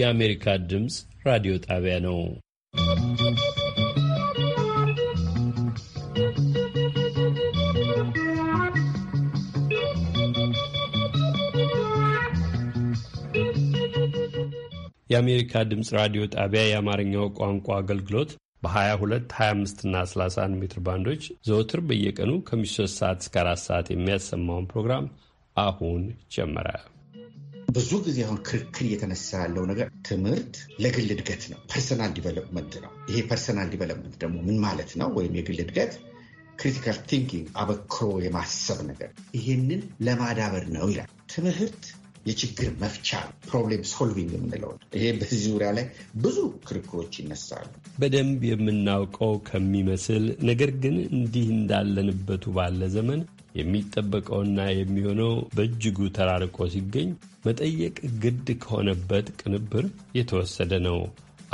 የአሜሪካ ድምፅ ራዲዮ ጣቢያ ነው። የአሜሪካ ድምፅ ራዲዮ ጣቢያ የአማርኛው ቋንቋ አገልግሎት በ22፣ 25 እና 31 ሜትር ባንዶች ዘወትር በየቀኑ ከ3 ሰዓት እስከ 4 ሰዓት የሚያሰማውን ፕሮግራም አሁን ጀመረ። ብዙ ጊዜ አሁን ክርክር እየተነሳ ያለው ነገር ትምህርት ለግል እድገት ነው፣ ፐርሰናል ዲቨሎፕመንት ነው። ይሄ ፐርሰናል ዲቨሎፕመንት ደግሞ ምን ማለት ነው? ወይም የግል እድገት ክሪቲካል ቲንኪንግ አበክሮ የማሰብ ነገር ይሄንን ለማዳበር ነው ይላል። ትምህርት የችግር መፍቻ ፕሮብሌም ሶልቪንግ የምንለው ይሄ በዚህ ዙሪያ ላይ ብዙ ክርክሮች ይነሳሉ። በደንብ የምናውቀው ከሚመስል ነገር ግን እንዲህ እንዳለንበቱ ባለ ዘመን የሚጠበቀውና የሚሆነው በእጅጉ ተራርቆ ሲገኝ መጠየቅ ግድ ከሆነበት ቅንብር የተወሰደ ነው።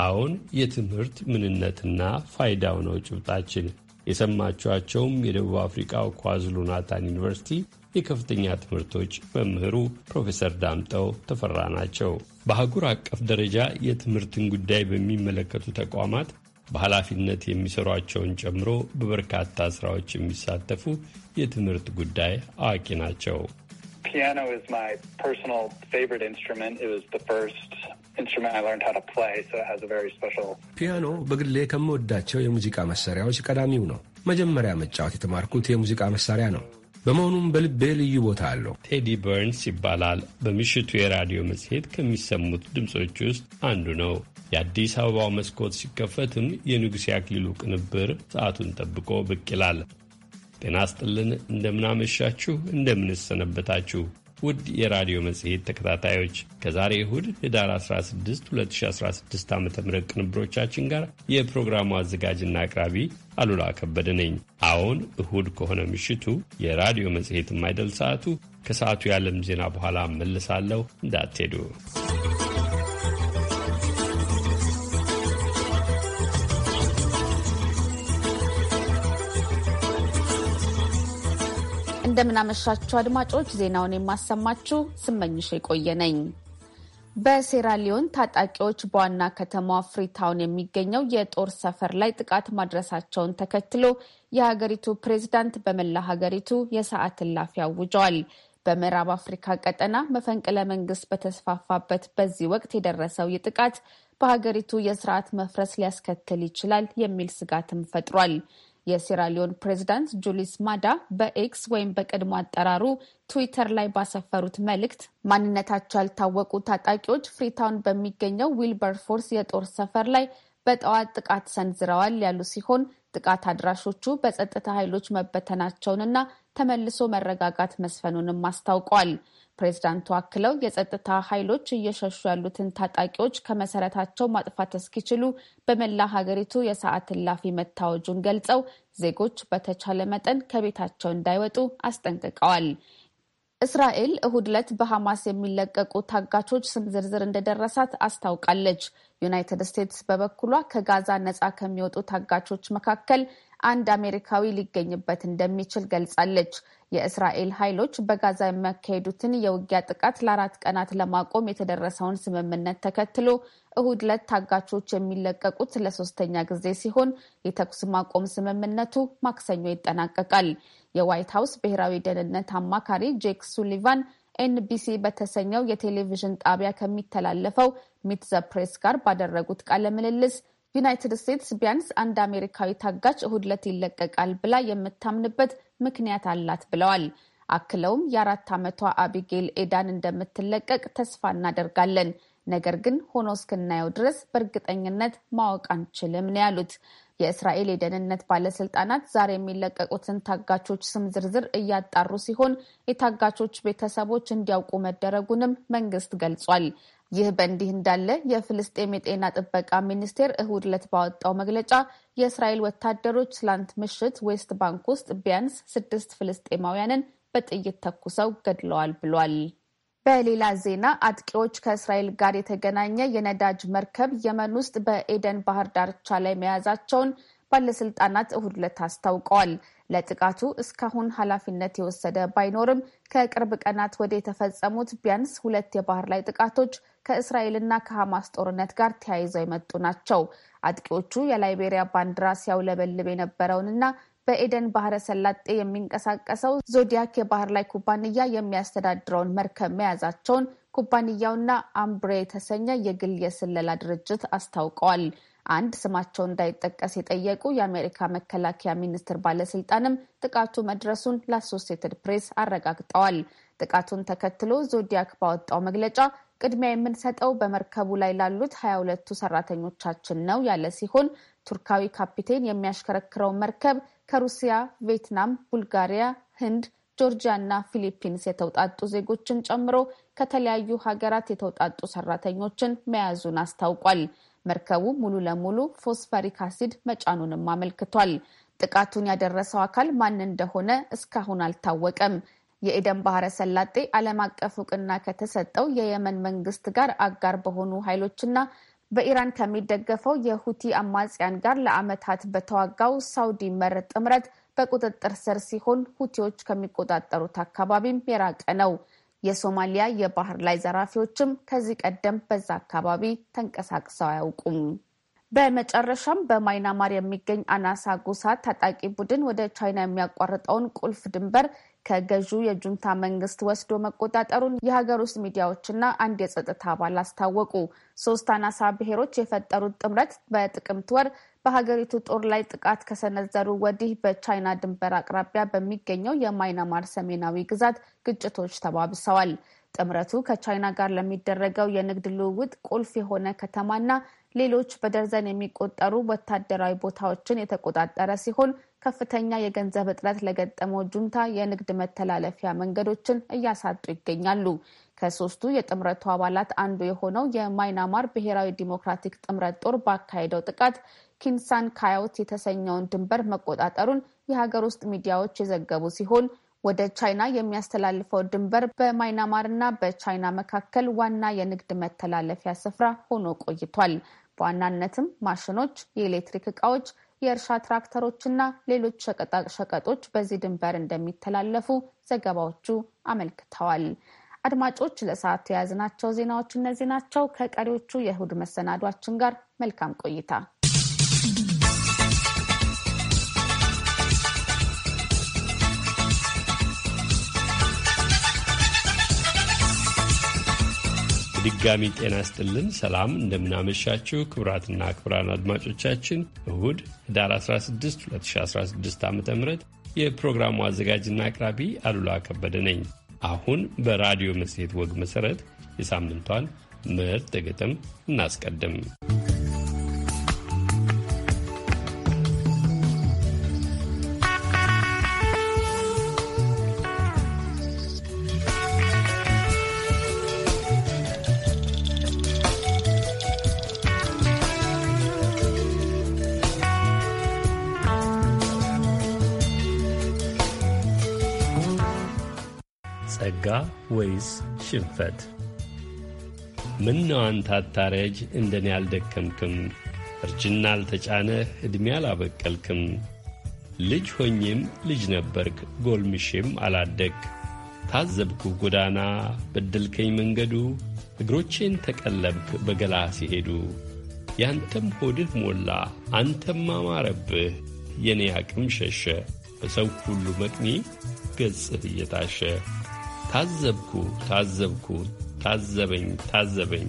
አሁን የትምህርት ምንነትና ፋይዳው ነው ጭብጣችን። የሰማችኋቸውም የደቡብ አፍሪካው ኳዝሉ ናታን ዩኒቨርሲቲ የከፍተኛ ትምህርቶች መምህሩ ፕሮፌሰር ዳምጠው ተፈራ ናቸው። በአህጉር አቀፍ ደረጃ የትምህርትን ጉዳይ በሚመለከቱ ተቋማት በኃላፊነት የሚሰሯቸውን ጨምሮ በበርካታ ስራዎች የሚሳተፉ የትምህርት ጉዳይ አዋቂ ናቸው። ፒያኖ is my personal favorite instrument. It was ፒያኖ በግሌ ከምወዳቸው የሙዚቃ መሳሪያዎች ቀዳሚው ነው። መጀመሪያ መጫወት የተማርኩት የሙዚቃ መሳሪያ ነው። በመሆኑም በልቤ ልዩ ቦታ አለው። ቴዲ በርንስ ይባላል። በምሽቱ የራዲዮ መጽሔት ከሚሰሙት ድምፆች ውስጥ አንዱ ነው። የአዲስ አበባው መስኮት ሲከፈትም የንጉሴ አክሊሉ ቅንብር ሰዓቱን ጠብቆ ብቅ ይላል። ጤና ስጥልን፣ እንደምናመሻችሁ፣ እንደምንሰነበታችሁ ውድ የራዲዮ መጽሔት ተከታታዮች ከዛሬ እሁድ ህዳር 16 2016 ዓ ም ቅንብሮቻችን ጋር የፕሮግራሙ አዘጋጅና አቅራቢ አሉላ ከበደ ነኝ። አዎን እሁድ ከሆነ ምሽቱ የራዲዮ መጽሔት የማይደል ሰዓቱ ከሰዓቱ የዓለም ዜና በኋላ መልሳለሁ። እንዳትሄዱ። እንደምናመሻችሁ አድማጮች፣ ዜናውን የማሰማችሁ ስመኝሽ የቆየ ነኝ። በሴራሊዮን ታጣቂዎች በዋና ከተማዋ ፍሪታውን የሚገኘው የጦር ሰፈር ላይ ጥቃት ማድረሳቸውን ተከትሎ የሀገሪቱ ፕሬዝዳንት በመላ ሀገሪቱ የሰዓት እላፊ አውጀዋል። በምዕራብ አፍሪካ ቀጠና መፈንቅለ መንግስት በተስፋፋበት በዚህ ወቅት የደረሰው ይህ ጥቃት በሀገሪቱ የስርዓት መፍረስ ሊያስከትል ይችላል የሚል ስጋትም ፈጥሯል። የሴራሊዮን ፕሬዚዳንት ጁሊስ ማዳ በኤክስ ወይም በቀድሞ አጠራሩ ትዊተር ላይ ባሰፈሩት መልእክት ማንነታቸው ያልታወቁ ታጣቂዎች ፍሪታውን በሚገኘው ዊልበርፎርስ የጦር ሰፈር ላይ በጠዋት ጥቃት ሰንዝረዋል ያሉ ሲሆን ጥቃት አድራሾቹ በጸጥታ ኃይሎች መበተናቸውንና ተመልሶ መረጋጋት መስፈኑንም አስታውቀዋል። ፕሬዚዳንቱ አክለው የጸጥታ ኃይሎች እየሸሹ ያሉትን ታጣቂዎች ከመሰረታቸው ማጥፋት እስኪችሉ በመላ ሀገሪቱ የሰዓት እላፊ መታወጁን ገልጸው ዜጎች በተቻለ መጠን ከቤታቸው እንዳይወጡ አስጠንቅቀዋል። እስራኤል እሁድ ዕለት በሐማስ የሚለቀቁ ታጋቾች ስም ዝርዝር እንደደረሳት አስታውቃለች። ዩናይትድ ስቴትስ በበኩሏ ከጋዛ ነፃ ከሚወጡ ታጋቾች መካከል አንድ አሜሪካዊ ሊገኝበት እንደሚችል ገልጻለች። የእስራኤል ኃይሎች በጋዛ የሚያካሄዱትን የውጊያ ጥቃት ለአራት ቀናት ለማቆም የተደረሰውን ስምምነት ተከትሎ እሁድ ዕለት ታጋቾች የሚለቀቁት ለሶስተኛ ጊዜ ሲሆን የተኩስ ማቆም ስምምነቱ ማክሰኞ ይጠናቀቃል። የዋይት ሀውስ ብሔራዊ ደህንነት አማካሪ ጄክ ሱሊቫን ኤንቢሲ በተሰኘው የቴሌቪዥን ጣቢያ ከሚተላለፈው ሚት ዘ ፕሬስ ጋር ባደረጉት ቃለ ምልልስ ዩናይትድ ስቴትስ ቢያንስ አንድ አሜሪካዊ ታጋች እሁድ ዕለት ይለቀቃል ብላ የምታምንበት ምክንያት አላት ብለዋል። አክለውም የአራት ዓመቷ አቢጌል ኤዳን እንደምትለቀቅ ተስፋ እናደርጋለን፣ ነገር ግን ሆኖ እስክናየው ድረስ በእርግጠኝነት ማወቅ አንችልም ነው ያሉት። የእስራኤል የደህንነት ባለስልጣናት ዛሬ የሚለቀቁትን ታጋቾች ስም ዝርዝር እያጣሩ ሲሆን የታጋቾች ቤተሰቦች እንዲያውቁ መደረጉንም መንግስት ገልጿል። ይህ በእንዲህ እንዳለ የፍልስጤም የጤና ጥበቃ ሚኒስቴር እሁድ ዕለት ባወጣው መግለጫ የእስራኤል ወታደሮች ትላንት ምሽት ዌስት ባንክ ውስጥ ቢያንስ ስድስት ፍልስጤማውያንን በጥይት ተኩሰው ገድለዋል ብሏል። በሌላ ዜና አጥቂዎች ከእስራኤል ጋር የተገናኘ የነዳጅ መርከብ የመን ውስጥ በኤደን ባህር ዳርቻ ላይ መያዛቸውን ባለስልጣናት እሁድ ዕለት አስታውቀዋል። ለጥቃቱ እስካሁን ኃላፊነት የወሰደ ባይኖርም ከቅርብ ቀናት ወደ የተፈጸሙት ቢያንስ ሁለት የባህር ላይ ጥቃቶች ከእስራኤልና ከሐማስ ጦርነት ጋር ተያይዘው የመጡ ናቸው። አጥቂዎቹ የላይቤሪያ ባንዲራ ሲያውለበልብ የነበረውንና በኤደን ባህረ ሰላጤ የሚንቀሳቀሰው ዞዲያክ የባህር ላይ ኩባንያ የሚያስተዳድረውን መርከብ መያዛቸውን ኩባንያውና አምብሬ የተሰኘ የግል የስለላ ድርጅት አስታውቀዋል። አንድ ስማቸው እንዳይጠቀስ የጠየቁ የአሜሪካ መከላከያ ሚኒስቴር ባለስልጣንም ጥቃቱ መድረሱን ለአሶሴትድ ፕሬስ አረጋግጠዋል። ጥቃቱን ተከትሎ ዞዲያክ ባወጣው መግለጫ ቅድሚያ የምንሰጠው በመርከቡ ላይ ላሉት ሀያ ሁለቱ ሰራተኞቻችን ነው ያለ ሲሆን ቱርካዊ ካፒቴን የሚያሽከረክረው መርከብ ከሩሲያ፣ ቪየትናም፣ ቡልጋሪያ፣ ህንድ፣ ጆርጂያ እና ፊሊፒንስ የተውጣጡ ዜጎችን ጨምሮ ከተለያዩ ሀገራት የተውጣጡ ሰራተኞችን መያዙን አስታውቋል። መርከቡ ሙሉ ለሙሉ ፎስፈሪክ አሲድ መጫኑንም አመልክቷል። ጥቃቱን ያደረሰው አካል ማን እንደሆነ እስካሁን አልታወቀም። የኤደን ባህረ ሰላጤ ዓለም አቀፍ እውቅና ከተሰጠው የየመን መንግስት ጋር አጋር በሆኑ ኃይሎችና በኢራን ከሚደገፈው የሁቲ አማጽያን ጋር ለአመታት በተዋጋው ሳውዲ መር ጥምረት በቁጥጥር ስር ሲሆን ሁቲዎች ከሚቆጣጠሩት አካባቢም የራቀ ነው። የሶማሊያ የባህር ላይ ዘራፊዎችም ከዚህ ቀደም በዛ አካባቢ ተንቀሳቅሰው አያውቁም። በመጨረሻም በማይናማር የሚገኝ አናሳ ጎሳ ታጣቂ ቡድን ወደ ቻይና የሚያቋርጠውን ቁልፍ ድንበር ከገዢው የጁንታ መንግስት ወስዶ መቆጣጠሩን የሀገር ውስጥ ሚዲያዎችና አንድ የጸጥታ አባል አስታወቁ። ሶስት አናሳ ብሔሮች የፈጠሩት ጥምረት በጥቅምት ወር በሀገሪቱ ጦር ላይ ጥቃት ከሰነዘሩ ወዲህ በቻይና ድንበር አቅራቢያ በሚገኘው የማይናማር ሰሜናዊ ግዛት ግጭቶች ተባብሰዋል። ጥምረቱ ከቻይና ጋር ለሚደረገው የንግድ ልውውጥ ቁልፍ የሆነ ከተማና ሌሎች በደርዘን የሚቆጠሩ ወታደራዊ ቦታዎችን የተቆጣጠረ ሲሆን ከፍተኛ የገንዘብ እጥረት ለገጠመው ጁንታ የንግድ መተላለፊያ መንገዶችን እያሳጡ ይገኛሉ። ከሶስቱ የጥምረቱ አባላት አንዱ የሆነው የማይናማር ብሔራዊ ዲሞክራቲክ ጥምረት ጦር ባካሄደው ጥቃት ኪንሳን ካያውት የተሰኘውን ድንበር መቆጣጠሩን የሀገር ውስጥ ሚዲያዎች የዘገቡ ሲሆን ወደ ቻይና የሚያስተላልፈው ድንበር በማይናማር እና በቻይና መካከል ዋና የንግድ መተላለፊያ ስፍራ ሆኖ ቆይቷል። በዋናነትም ማሽኖች፣ የኤሌክትሪክ እቃዎች፣ የእርሻ ትራክተሮች እና ሌሎች ሸቀጣ ሸቀጦች በዚህ ድንበር እንደሚተላለፉ ዘገባዎቹ አመልክተዋል። አድማጮች፣ ለሰዓት የያዝናቸው ዜናዎች እነዚህ ናቸው። ከቀሪዎቹ የእሁድ መሰናዷችን ጋር መልካም ቆይታ ድጋሚ ጤና ስጥልን። ሰላም እንደምናመሻችው ክቡራትና ክቡራን አድማጮቻችን እሁድ ህዳር 16 2016 ዓ ም የፕሮግራሙ አዘጋጅና አቅራቢ አሉላ ከበደ ነኝ። አሁን በራዲዮ መጽሔት ወግ መሠረት የሳምንቷን ምርጥ ግጥም እናስቀድም። ወይስ ሽንፈት? ነው አንተ አታረጅ እንደኔ አልደከምክም፣ እርጅና አልተጫነህ ዕድሜ አላበቀልክም። ልጅ ሆኜም ልጅ ነበርክ ጎልምሼም አላደግ ታዘብኩ ጎዳና በድልከኝ መንገዱ እግሮቼን ተቀለብክ በገላ ሲሄዱ ያንተም ሆድህ ሞላ አንተም አማረብህ የኔ አቅም ሸሸ በሰው ሁሉ መቅኒ ገጽህ እየታሸ ታዘብኩ ታዘብኩ ታዘበኝ ታዘበኝ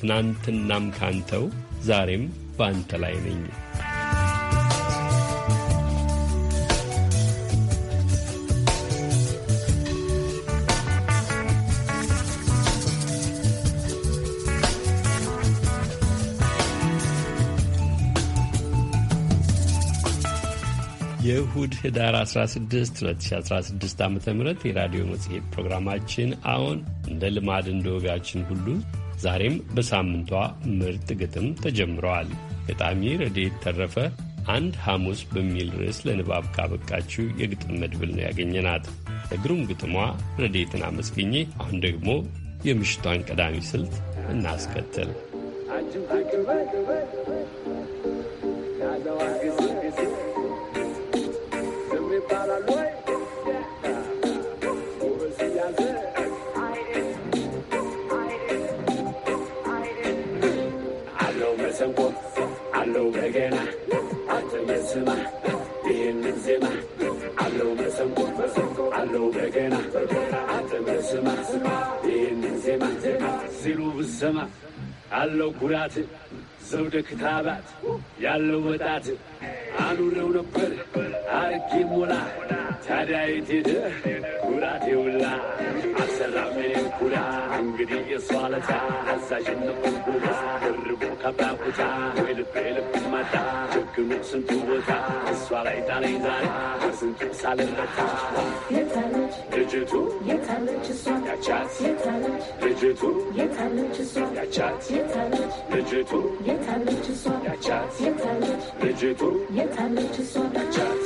ትናንትናም ካንተው ዛሬም በአንተ ላይ ነኝ። የእሁድ ህዳር 16 2016 ዓ ም የራዲዮ መጽሔት ፕሮግራማችን አሁን እንደ ልማድ እንደ ወጋችን ሁሉ ዛሬም በሳምንቷ ምርጥ ግጥም ተጀምረዋል። ገጣሚ ረድኤት ተረፈ አንድ ሐሙስ በሚል ርዕስ ለንባብ ካበቃችው የግጥም መድብል ነው ያገኘናት። እግሩም ግጥሟ ረድኤትን አመስግኜ አሁን ደግሞ የምሽቷን ቀዳሚ ስልት እናስከትል። በስማ አለው መሰንቆ አለው በገና አንተ በስማ ይህን አለው ኩራት ዘውደ ክታባት ያለው ወጣት አኑረው ነበር አርጌ ሞላ ታዲያ የት ሄደ ኩራት የውላ አልሰራም እኔም ኩራ እንግዲህ የሷ ለታ አዛዥነት ቁንጉራ ድርቡ ከባኩታ ወይ ልብ ልብ መጣ ችግሩ ስንቱ ቦታ እሷ ላይ ጣለኝ ዛሬ በስንቱ ሳልረታ ልጅቱ የታለች እሷ ያቻት ልጅቱ የታለች እሷ ያቻት ልጅቱ የታለች እሷ ያቻት የታለች ልጅቱ ትመጣለች እሷ ብቻት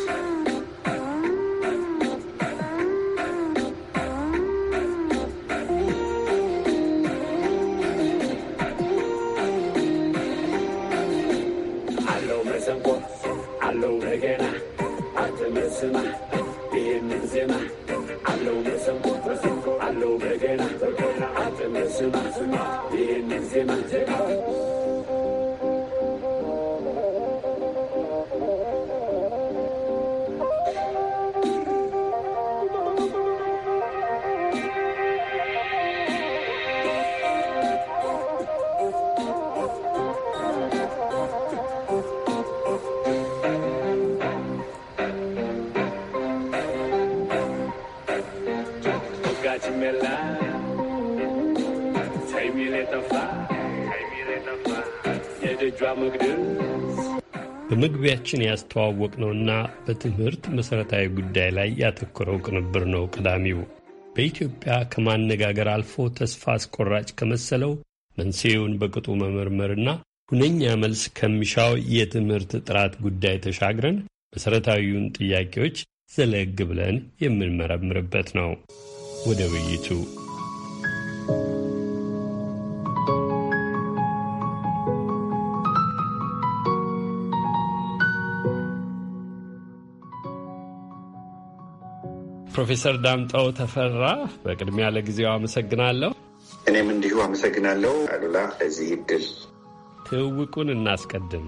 አለው መሰንቆ አለው በገና አትመስማ ይህንን ዜማ አለው መሰንቆ አለው በገና አትመስማ ይህንን ዜማ ሌሎችን ያስተዋወቅ ነውና በትምህርት መሠረታዊ ጉዳይ ላይ ያተኮረው ቅንብር ነው ቀዳሚው። በኢትዮጵያ ከማነጋገር አልፎ ተስፋ አስቆራጭ ከመሰለው መንስኤውን በቅጡ መመርመርና ሁነኛ መልስ ከሚሻው የትምህርት ጥራት ጉዳይ ተሻግረን መሠረታዊውን ጥያቄዎች ዘለግ ብለን የምንመረምርበት ነው። ወደ ውይይቱ ፕሮፌሰር ዳምጠው ተፈራ በቅድሚያ ለጊዜው አመሰግናለሁ። እኔም እንዲሁ አመሰግናለሁ አሉላ ለዚህ እድል። ትውውቁን እናስቀድም።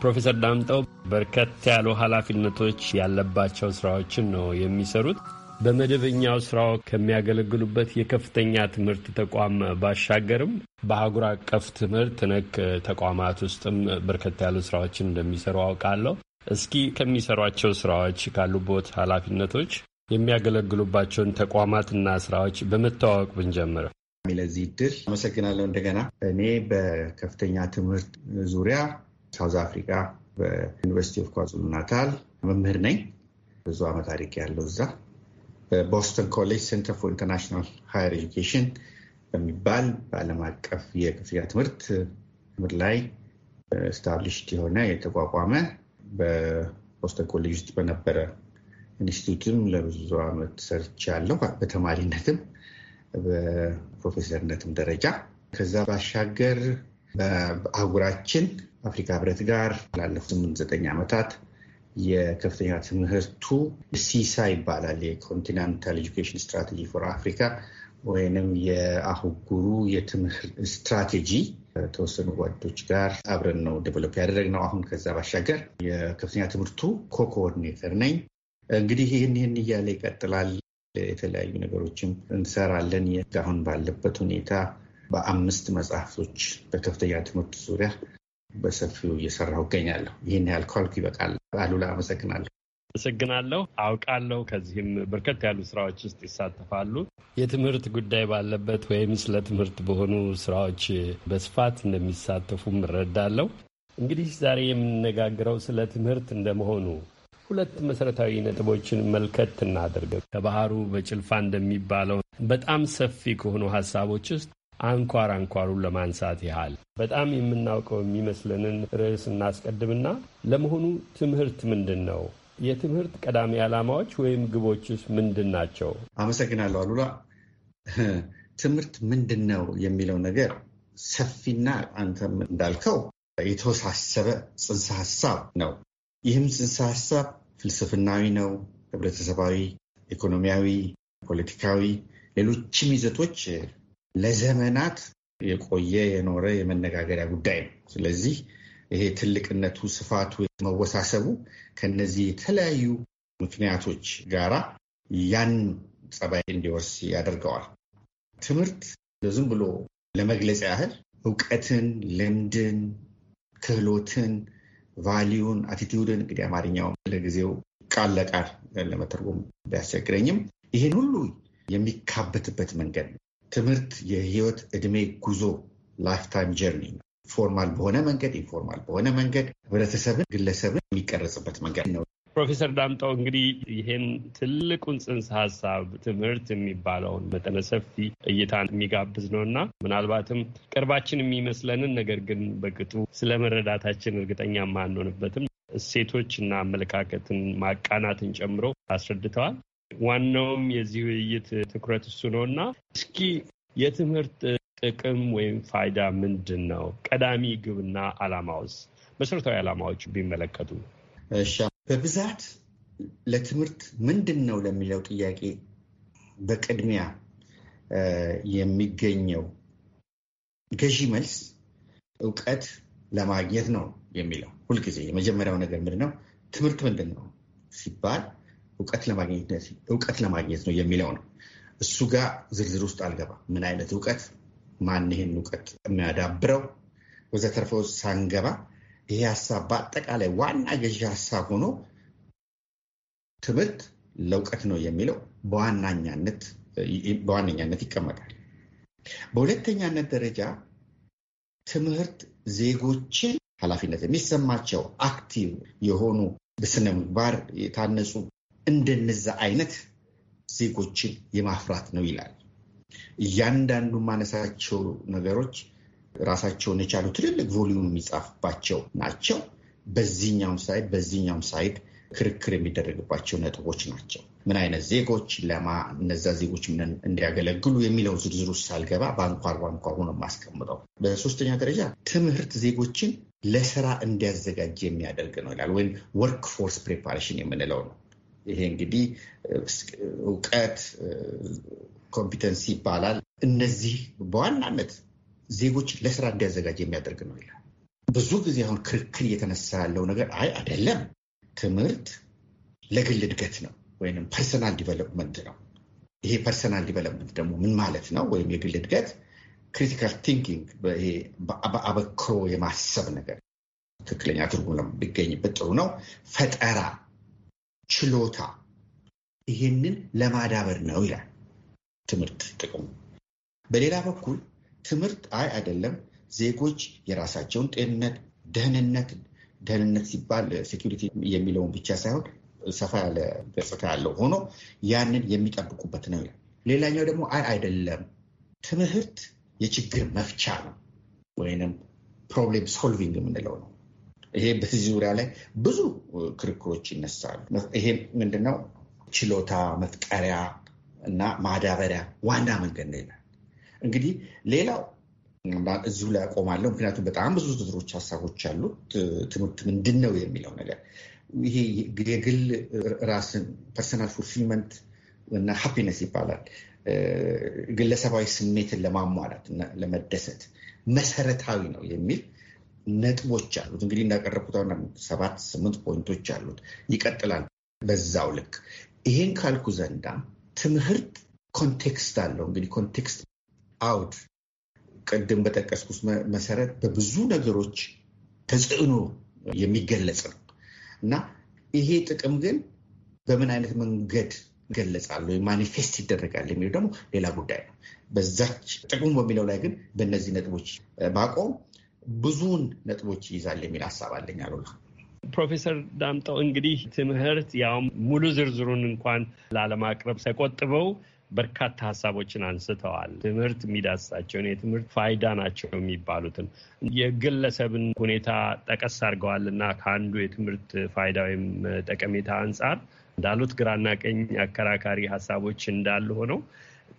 ፕሮፌሰር ዳምጠው በርከት ያሉ ኃላፊነቶች ያለባቸው ስራዎችን ነው የሚሰሩት። በመደበኛው ስራው ከሚያገለግሉበት የከፍተኛ ትምህርት ተቋም ባሻገርም በአህጉር አቀፍ ትምህርት ነክ ተቋማት ውስጥም በርከት ያሉ ስራዎችን እንደሚሰሩ አውቃለሁ። እስኪ ከሚሰሯቸው ስራዎች ካሉበት ኃላፊነቶች የሚያገለግሉባቸውን ተቋማትና ስራዎች በመተዋወቅ ብንጀምር። ለዚህ እድል አመሰግናለሁ። እንደገና እኔ በከፍተኛ ትምህርት ዙሪያ ሳውዝ አፍሪካ በዩኒቨርሲቲ ኦፍ ኳዙሉ ናታል መምህር ነኝ። ብዙ ዓመት ታሪክ ያለው እዛ በቦስተን ኮሌጅ ሴንተር ፎር ኢንተርናሽናል ሃየር ኤጁኬሽን በሚባል በዓለም አቀፍ የከፍተኛ ትምህርት ትምህርት ላይ ስታብሊሽድ የሆነ የተቋቋመ በቦስተን ኮሌጅ ውስጥ በነበረ ኢንስቲትዩትም ለብዙ ዓመት ሰርቻለሁ። በተማሪነትም በፕሮፌሰርነትም ደረጃ ከዛ ባሻገር በአህጉራችን አፍሪካ ህብረት ጋር ላለፉ ስምንት ዘጠኝ ዓመታት የከፍተኛ ትምህርቱ ሲሳ ይባላል የኮንቲናንታል ኤጁኬሽን ስትራቴጂ ፎር አፍሪካ ወይንም የአህጉሩ የትምህርት ስትራቴጂ ከተወሰኑ ጓዶች ጋር አብረን ነው ዴቨሎፕ ያደረግነው። አሁን ከዛ ባሻገር የከፍተኛ ትምህርቱ ኮኮኦርዲኔተር ነኝ። እንግዲህ ይህን ይህን እያለ ይቀጥላል። የተለያዩ ነገሮችን እንሰራለን። አሁን ባለበት ሁኔታ በአምስት መጽሐፍቶች በከፍተኛ ትምህርት ዙሪያ በሰፊው እየሰራሁ እገኛለሁ። ይህን ያህል ካልኩ ይበቃል። አሉላ አመሰግናለሁ። አመሰግናለሁ። አውቃለሁ ከዚህም በርከት ያሉ ስራዎች ውስጥ ይሳተፋሉ። የትምህርት ጉዳይ ባለበት ወይም ስለ ትምህርት በሆኑ ስራዎች በስፋት እንደሚሳተፉ እረዳለሁ። እንግዲህ ዛሬ የምንነጋግረው ስለ ትምህርት እንደመሆኑ ሁለት መሰረታዊ ነጥቦችን መልከት እናድርግ። ከባህሩ በጭልፋ እንደሚባለው በጣም ሰፊ ከሆኑ ሀሳቦች ውስጥ አንኳር አንኳሩን ለማንሳት ያህል በጣም የምናውቀው የሚመስለንን ርዕስ እናስቀድምና ለመሆኑ ትምህርት ምንድን ነው? የትምህርት ቀዳሚ ዓላማዎች ወይም ግቦችስ ምንድን ናቸው? አመሰግናለሁ አሉላ። ትምህርት ምንድን ነው የሚለው ነገር ሰፊና አንተም እንዳልከው የተወሳሰበ ጽንሰ ሀሳብ ነው። ይህም ጽንሰ ሀሳብ ፍልስፍናዊ ነው፣ ህብረተሰባዊ፣ ኢኮኖሚያዊ፣ ፖለቲካዊ፣ ሌሎችም ይዘቶች ለዘመናት የቆየ የኖረ የመነጋገሪያ ጉዳይ ነው። ስለዚህ ይሄ ትልቅነቱ፣ ስፋቱ፣ መወሳሰቡ ከነዚህ የተለያዩ ምክንያቶች ጋራ ያን ጸባይ እንዲወርስ ያደርገዋል። ትምህርት ዝም ብሎ ለመግለጽ ያህል እውቀትን፣ ልምድን፣ ክህሎትን ቫሊዩን አቲቲዩድን እንግዲህ አማርኛው ለጊዜው ቃል ለቃል ለመተርጎም ቢያስቸግረኝም ይሄን ሁሉ የሚካበትበት መንገድ ነው። ትምህርት የህይወት እድሜ ጉዞ ላይፍታይም ጀርኒ ነው። ፎርማል በሆነ መንገድ ኢንፎርማል በሆነ መንገድ ህብረተሰብን፣ ግለሰብን የሚቀረጽበት መንገድ ነው። ፕሮፌሰር ዳምጠው እንግዲህ ይህን ትልቁን ጽንሰ ሀሳብ ትምህርት የሚባለውን መጠነ ሰፊ እይታን የሚጋብዝ ነው እና ምናልባትም ቅርባችን የሚመስለንን ነገር ግን በቅጡ ስለ መረዳታችን እርግጠኛ ማንሆንበትም እሴቶች እና አመለካከትን ማቃናትን ጨምሮ አስረድተዋል። ዋናውም የዚህ ውይይት ትኩረት እሱ ነው እና እስኪ የትምህርት ጥቅም ወይም ፋይዳ ምንድን ነው? ቀዳሚ ግብና አላማውስ መሰረታዊ አላማዎች ቢመለከቱ እሺ በብዛት ለትምህርት ምንድን ነው ለሚለው ጥያቄ በቅድሚያ የሚገኘው ገዢ መልስ እውቀት ለማግኘት ነው የሚለው ሁልጊዜ የመጀመሪያው ነገር ምንድን ነው ትምህርት ምንድን ነው ሲባል እውቀት ለማግኘት ነው የሚለው ነው። እሱ ጋር ዝርዝር ውስጥ አልገባ ምን አይነት እውቀት ማን ይህን እውቀት የሚያዳብረው ወዘተርፈው ሳንገባ ይሄ ሀሳብ በአጠቃላይ ዋና ገዢ ሀሳብ ሆኖ ትምህርት ለእውቀት ነው የሚለው በዋነኛነት ይቀመጣል። በሁለተኛነት ደረጃ ትምህርት ዜጎችን ኃላፊነት የሚሰማቸው አክቲቭ የሆኑ በስነ ምግባር የታነጹ እንደነዛ አይነት ዜጎችን የማፍራት ነው ይላል። እያንዳንዱ ማነሳቸው ነገሮች ራሳቸውን የቻሉ ትልልቅ ቮሊዩም የሚጻፍባቸው ናቸው። በዚህኛውም ሳይድ በዚህኛውም ሳይድ ክርክር የሚደረግባቸው ነጥቦች ናቸው። ምን አይነት ዜጎች ለማ እነዛ ዜጎች ምን እንዲያገለግሉ የሚለው ዝርዝር ሳልገባ በአንኳር በአንኳር ሆነ የማስቀምጠው። በሶስተኛ ደረጃ ትምህርት ዜጎችን ለስራ እንዲያዘጋጅ የሚያደርግ ነው ይላል፣ ወይም ወርክ ፎርስ ፕሬፓሬሽን የምንለው ነው። ይሄ እንግዲህ እውቀት ኮምፒተንሲ ይባላል። እነዚህ በዋናነት ዜጎች ለስራ እንዲያዘጋጅ የሚያደርግ ነው ይላል። ብዙ ጊዜ አሁን ክርክር እየተነሳ ያለው ነገር አይ አይደለም፣ ትምህርት ለግል እድገት ነው ወይም ፐርሰናል ዲቨሎፕመንት ነው። ይሄ ፐርሰናል ዲቨሎፕመንት ደግሞ ምን ማለት ነው? ወይም የግል እድገት ክሪቲካል ቲንኪንግ፣ በአበክሮ የማሰብ ነገር ትክክለኛ ትርጉም ቢገኝበት ጥሩ ነው። ፈጠራ፣ ችሎታ፣ ይሄንን ለማዳበር ነው ይላል ትምህርት ጥቅሙ። በሌላ በኩል ትምህርት አይ አይደለም ዜጎች የራሳቸውን ጤንነት፣ ደህንነት ደህንነት ሲባል ሴኪሪቲ የሚለውን ብቻ ሳይሆን ሰፋ ያለ ገጽታ ያለው ሆኖ ያንን የሚጠብቁበት ነው። ሌላኛው ደግሞ አይ አይደለም ትምህርት የችግር መፍቻ ነው ወይንም ፕሮብሌም ሶልቪንግ የምንለው ነው። ይሄ በዚህ ዙሪያ ላይ ብዙ ክርክሮች ይነሳሉ። ይሄ ምንድነው ችሎታ መፍጠሪያ እና ማዳበሪያ ዋና መንገድ ነው ይላል። እንግዲህ ሌላው እዚሁ ላይ አቆማለሁ። ምክንያቱም በጣም ብዙ ዝርዝሮች ሀሳቦች ያሉት ትምህርት ምንድን ነው የሚለው ነገር ይሄ የግል ራስን ፐርሰናል ፉልፊልመንት እና ሃፒነስ ይባላል። ግለሰባዊ ስሜትን ለማሟላት እና ለመደሰት መሰረታዊ ነው የሚል ነጥቦች አሉት። እንግዲህ እንዳቀረብኩት ሰባት ስምንት ፖይንቶች አሉት። ይቀጥላል በዛው ልክ። ይሄን ካልኩ ዘንዳ ትምህርት ኮንቴክስት አለው። እንግዲህ ኮንቴክስት አውድ ቅድም በጠቀስኩት መሰረት በብዙ ነገሮች ተጽዕኖ የሚገለጽ ነው እና ይሄ ጥቅም ግን በምን አይነት መንገድ ይገለጻል ወይም ማኒፌስት ይደረጋል የሚለው ደግሞ ሌላ ጉዳይ ነው። በዛች ጥቅሙ በሚለው ላይ ግን በእነዚህ ነጥቦች ባቆም ብዙውን ነጥቦች ይይዛል የሚል ሀሳብ አለኝ። አሉላ ፕሮፌሰር ዳምጠው እንግዲህ ትምህርት ያውም ሙሉ ዝርዝሩን እንኳን ላለማቅረብ ተቆጥበው በርካታ ሀሳቦችን አንስተዋል። ትምህርት የሚዳስሳቸውን የትምህርት ፋይዳ ናቸው የሚባሉትን የግለሰብን ሁኔታ ጠቀስ አድርገዋል እና ከአንዱ የትምህርት ፋይዳ ወይም ጠቀሜታ አንጻር እንዳሉት ግራና ቀኝ አከራካሪ ሀሳቦች እንዳሉ ሆነው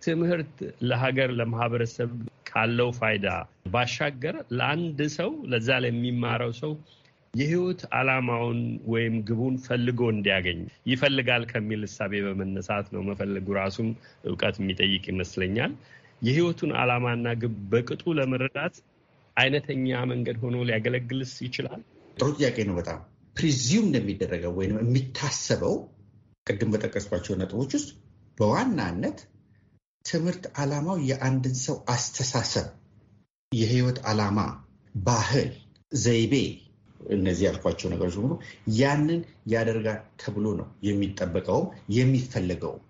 ትምህርት ለሀገር ለማህበረሰብ ካለው ፋይዳ ባሻገር ለአንድ ሰው ለዛ ለሚማረው ሰው የህይወት ዓላማውን ወይም ግቡን ፈልጎ እንዲያገኝ ይፈልጋል ከሚል እሳቤ በመነሳት ነው። መፈለጉ ራሱም እውቀት የሚጠይቅ ይመስለኛል። የህይወቱን ዓላማና ግብ በቅጡ ለመረዳት አይነተኛ መንገድ ሆኖ ሊያገለግልስ ይችላል። ጥሩ ጥያቄ ነው። በጣም ፕሪዚም እንደሚደረገው ወይም የሚታሰበው ቅድም በጠቀስኳቸው ነጥቦች ውስጥ በዋናነት ትምህርት ዓላማው የአንድን ሰው አስተሳሰብ፣ የህይወት ዓላማ፣ ባህል፣ ዘይቤ እነዚህ ያልኳቸው ነገሮች በሙሉ ያንን ያደርጋል ተብሎ ነው የሚጠበቀውም የሚፈለገውም።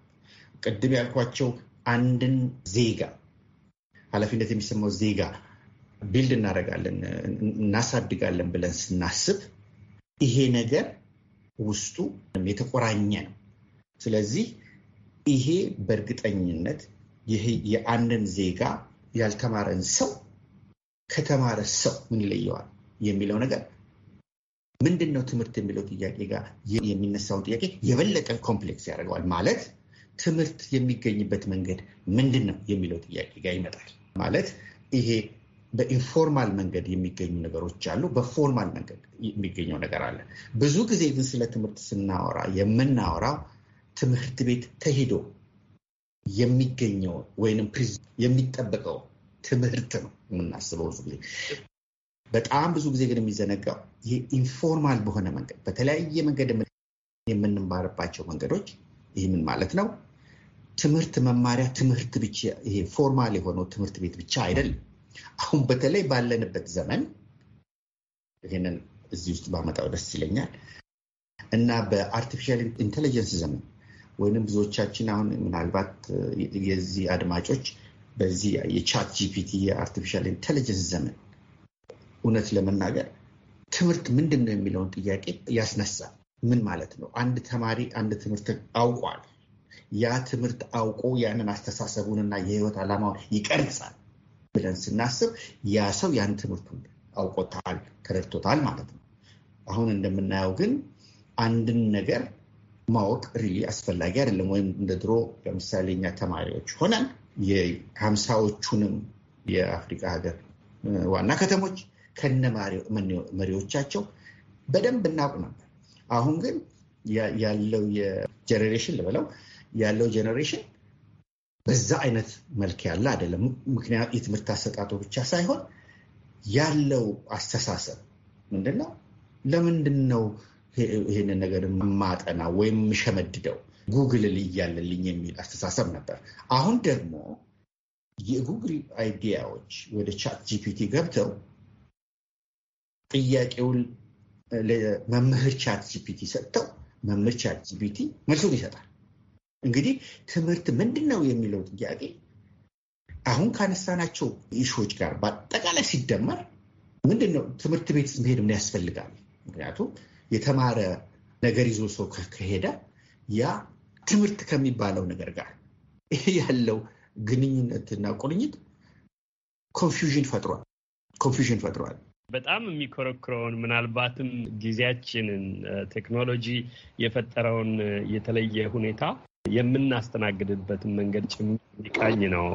ቅድም ያልኳቸው አንድን ዜጋ ኃላፊነት የሚሰማው ዜጋ ቢልድ እናደርጋለን እናሳድጋለን ብለን ስናስብ ይሄ ነገር ውስጡ የተቆራኘ ነው። ስለዚህ ይሄ በእርግጠኝነት የአንድን ዜጋ ያልተማረን ሰው ከተማረ ሰው ምን ይለየዋል የሚለው ነገር ምንድን ነው ትምህርት የሚለው ጥያቄ ጋር የሚነሳውን ጥያቄ የበለጠ ኮምፕሌክስ ያደርገዋል። ማለት ትምህርት የሚገኝበት መንገድ ምንድን ነው የሚለው ጥያቄ ጋር ይመጣል። ማለት ይሄ በኢንፎርማል መንገድ የሚገኙ ነገሮች አሉ፣ በፎርማል መንገድ የሚገኘው ነገር አለ። ብዙ ጊዜ ግን ስለ ትምህርት ስናወራ የምናወራው ትምህርት ቤት ተሂዶ የሚገኘው ወይም የሚጠበቀው ትምህርት ነው የምናስበው ብዙ ጊዜ። በጣም ብዙ ጊዜ ግን የሚዘነጋው የኢንፎርማል በሆነ መንገድ በተለያየ መንገድ የምንማርባቸው መንገዶች ይህምን ማለት ነው? ትምህርት መማሪያ ትምህርት ብቻ ይሄ ፎርማል የሆነው ትምህርት ቤት ብቻ አይደለም። አሁን በተለይ ባለንበት ዘመን ይህንን እዚህ ውስጥ ባመጣው ደስ ይለኛል እና በአርቲፊሻል ኢንቴሊጀንስ ዘመን ወይም ብዙዎቻችን አሁን ምናልባት የዚህ አድማጮች በዚህ የቻት ጂፒቲ የአርቲፊሻል ኢንቴሊጀንስ ዘመን እውነት ለመናገር ትምህርት ምንድን ነው የሚለውን ጥያቄ ያስነሳል። ምን ማለት ነው? አንድ ተማሪ አንድ ትምህርት አውቋል። ያ ትምህርት አውቆ ያንን አስተሳሰቡንና የህይወት ዓላማውን ይቀርጻል ብለን ስናስብ ያ ሰው ያን ትምህርቱን አውቆታል፣ ተረድቶታል ማለት ነው። አሁን እንደምናየው ግን አንድን ነገር ማወቅ ሪሊ አስፈላጊ አይደለም። ወይም እንደ ድሮ ለምሳሌ እኛ ተማሪዎች ሆነን የሀምሳዎቹንም የአፍሪካ ሀገር ዋና ከተሞች ከነ መሪዎቻቸው በደንብ እናውቅ ነበር። አሁን ግን ያለው የጀኔሬሽን ልበለው ያለው ጀኔሬሽን በዛ አይነት መልክ ያለ አይደለም። ምክንያቱ የትምህርት አሰጣጡ ብቻ ሳይሆን ያለው አስተሳሰብ ምንድነው ነው? ለምንድን ነው ይህንን ነገር ማጠና ወይም የምሸመድደው ጉግል እያለልኝ የሚል አስተሳሰብ ነበር። አሁን ደግሞ የጉግል አይዲያዎች ወደ ቻት ጂፒቲ ገብተው ጥያቄውን መምህር ቻት ጂፒቲ ሰጥተው መምህር ቻት ጂፒቲ መልሱን ይሰጣል። እንግዲህ ትምህርት ምንድን ነው የሚለው ጥያቄ አሁን ካነሳናቸው ኢሾች ጋር በአጠቃላይ ሲደመር ምንድን ነው ትምህርት ቤት መሄድ ምን ያስፈልጋል? ምክንያቱም የተማረ ነገር ይዞ ሰው ከሄደ ያ ትምህርት ከሚባለው ነገር ጋር ይሄ ያለው ግንኙነትና ቁርኝት ኮንፊውዥን ፈጥሯል። ኮንፊውዥን ፈጥሯል። በጣም የሚኮረኩረውን ምናልባትም ጊዜያችንን ቴክኖሎጂ የፈጠረውን የተለየ ሁኔታ የምናስተናግድበትን መንገድ ጭምር የሚቃኝ ነው።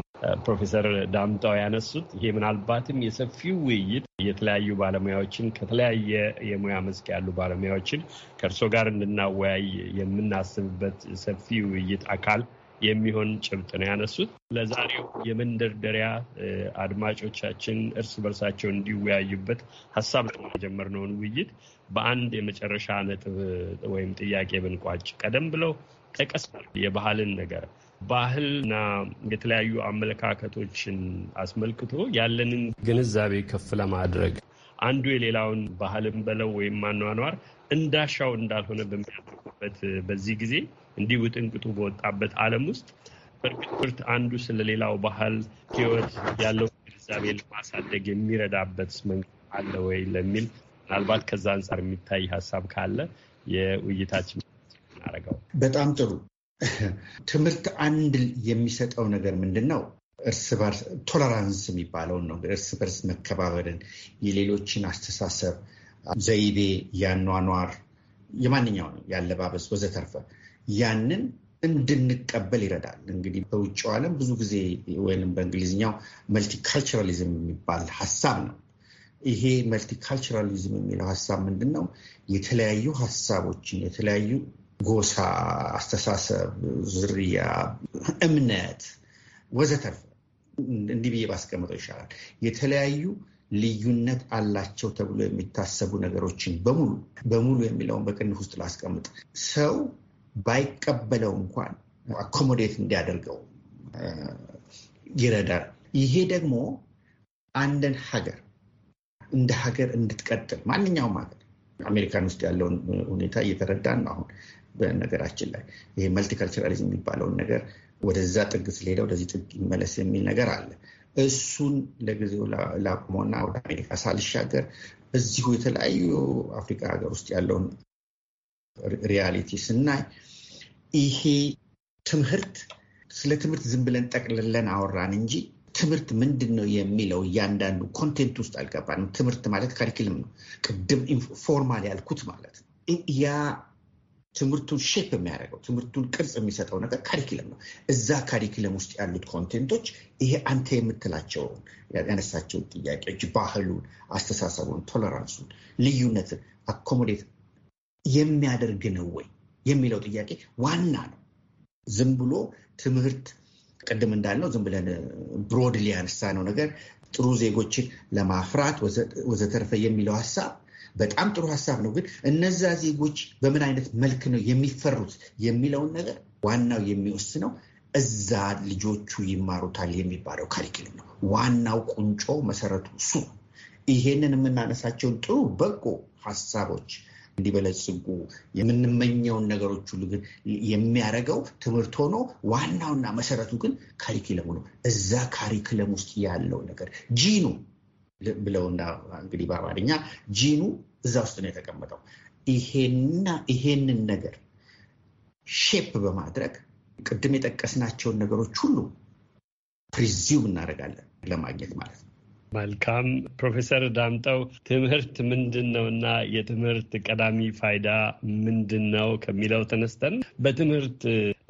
ፕሮፌሰር ዳምጣው ያነሱት ይሄ ምናልባትም የሰፊው ውይይት የተለያዩ ባለሙያዎችን ከተለያየ የሙያ መስክ ያሉ ባለሙያዎችን ከእርሶ ጋር እንድናወያይ የምናስብበት ሰፊ ውይይት አካል የሚሆን ጭብጥ ነው ያነሱት። ለዛሬው የመንደርደሪያ አድማጮቻችን እርስ በርሳቸው እንዲወያዩበት ሀሳብ የጀመርነውን ውይይት በአንድ የመጨረሻ ነጥብ ወይም ጥያቄ ብንቋጭ፣ ቀደም ብለው ጠቀስ የባህልን ነገር ባህልና የተለያዩ አመለካከቶችን አስመልክቶ ያለንን ግንዛቤ ከፍ ለማድረግ አንዱ የሌላውን ባህልን በለው ወይም ማኗኗር እንዳሻው እንዳልሆነ በሚያደርጉበት በዚህ ጊዜ እንዲህ ውጥንቅጡ በወጣበት ዓለም ውስጥ በእርግጥ ትምህርት አንዱ ስለሌላው ባህል ህይወት ያለው ግንዛቤ ለማሳደግ የሚረዳበት መንገድ አለ ወይ ለሚል ምናልባት ከዛ አንጻር የሚታይ ሀሳብ ካለ የውይይታችን እናደርገው። በጣም ጥሩ። ትምህርት አንድ የሚሰጠው ነገር ምንድን ነው? እርስ በርስ ቶለራንስ የሚባለውን ነው። እርስ በርስ መከባበርን፣ የሌሎችን አስተሳሰብ፣ ዘይቤ፣ ያኗኗር፣ የማንኛው ነው፣ ያለባበስ ወዘተርፈ ያንን እንድንቀበል ይረዳል። እንግዲህ በውጭው ዓለም ብዙ ጊዜ ወይም በእንግሊዝኛው መልቲካልቸራሊዝም የሚባል ሀሳብ ነው። ይሄ መልቲካልቸራሊዝም የሚለው ሀሳብ ምንድን ነው? የተለያዩ ሀሳቦችን የተለያዩ ጎሳ፣ አስተሳሰብ፣ ዝርያ፣ እምነት ወዘተርፈ እንዲህ ብዬ ባስቀምጠው ይሻላል። የተለያዩ ልዩነት አላቸው ተብሎ የሚታሰቡ ነገሮችን በሙሉ በሙሉ የሚለውን በቅንፍ ውስጥ ላስቀምጥ። ሰው ባይቀበለው እንኳን አኮሞዴት እንዲያደርገው ይረዳል። ይሄ ደግሞ አንድን ሀገር እንደ ሀገር እንድትቀጥል ማንኛውም ሀገር አሜሪካን ውስጥ ያለውን ሁኔታ እየተረዳን ነው። አሁን በነገራችን ላይ ይሄ መልቲካልቸራሊዝም የሚባለውን ነገር ወደዛ ጥግ ስለሄደ ወደዚህ ጥግ ይመለስ የሚል ነገር አለ። እሱን ለጊዜው ላቁሞና ወደ አሜሪካ ሳልሻገር በዚሁ የተለያዩ አፍሪካ ሀገር ውስጥ ያለውን ሪያሊቲ ስናይ ይሄ ትምህርት ስለ ትምህርት ዝም ብለን ጠቅልለን አወራን እንጂ ትምህርት ምንድን ነው የሚለው እያንዳንዱ ኮንቴንት ውስጥ አልገባንም። ትምህርት ማለት ካሪክልም ነው፣ ቅድም ፎርማል ያልኩት ማለት ነው። ያ ትምህርቱን ሼፕ የሚያደርገው ትምህርቱን ቅርጽ የሚሰጠው ነገር ካሪክለም ነው። እዛ ካሪኪለም ውስጥ ያሉት ኮንቴንቶች ይሄ አንተ የምትላቸውን ያነሳቸውን ጥያቄዎች፣ ባህሉን፣ አስተሳሰቡን፣ ቶለራንሱን፣ ልዩነትን አኮሞዴት የሚያደርግ ነው ወይ የሚለው ጥያቄ ዋና ነው። ዝም ብሎ ትምህርት ቅድም እንዳልነው ዝም ብለን ብሮድ ሊያነሳ ነው ነገር ጥሩ ዜጎችን ለማፍራት ወዘተርፈ የሚለው ሀሳብ በጣም ጥሩ ሀሳብ ነው። ግን እነዛ ዜጎች በምን አይነት መልክ ነው የሚፈሩት የሚለውን ነገር ዋናው የሚወስነው እዛ ልጆቹ ይማሩታል የሚባለው ካሪኪሉም ነው። ዋናው ቁንጮ መሰረቱ እሱ። ይሄንን የምናነሳቸውን ጥሩ በጎ ሀሳቦች እንዲበለጽጉ የምንመኘውን ነገሮች ሁሉ ግን የሚያደርገው ትምህርት ሆኖ ዋናውና መሰረቱ ግን ካሪክለሙ ነው። እዛ ካሪክለም ውስጥ ያለው ነገር ጂኑ ብለውና እንግዲህ በአማርኛ ጂኑ እዛ ውስጥ ነው የተቀመጠው። ይሄንን ነገር ሼፕ በማድረግ ቅድም የጠቀስናቸውን ነገሮች ሁሉ ፕሪዚውም እናደርጋለን ለማግኘት ማለት ነው። መልካም ፕሮፌሰር ዳምጠው ትምህርት ምንድን ነው እና የትምህርት ቀዳሚ ፋይዳ ምንድን ነው ከሚለው ተነስተን በትምህርት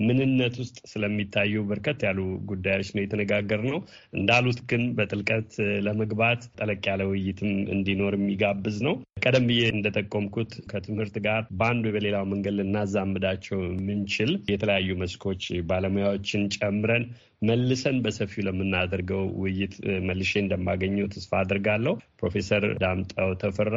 ምንነት ውስጥ ስለሚታዩ በርከት ያሉ ጉዳዮች ነው ነው። እንዳሉት ግን በጥልቀት ለመግባት ጠለቅ ያለ ውይይትም እንዲኖር የሚጋብዝ ነው። ቀደም ብዬ እንደጠቆምኩት ከትምህርት ጋር በአንዱ በሌላው መንገድ ልናዛምዳቸው የምንችል የተለያዩ መስኮች ባለሙያዎችን ጨምረን መልሰን በሰፊው ለምናደርገው ውይይት መልሼ እንደማገኘው ተስፋ አድርጋለሁ። ፕሮፌሰር ዳምጠው ተፈራ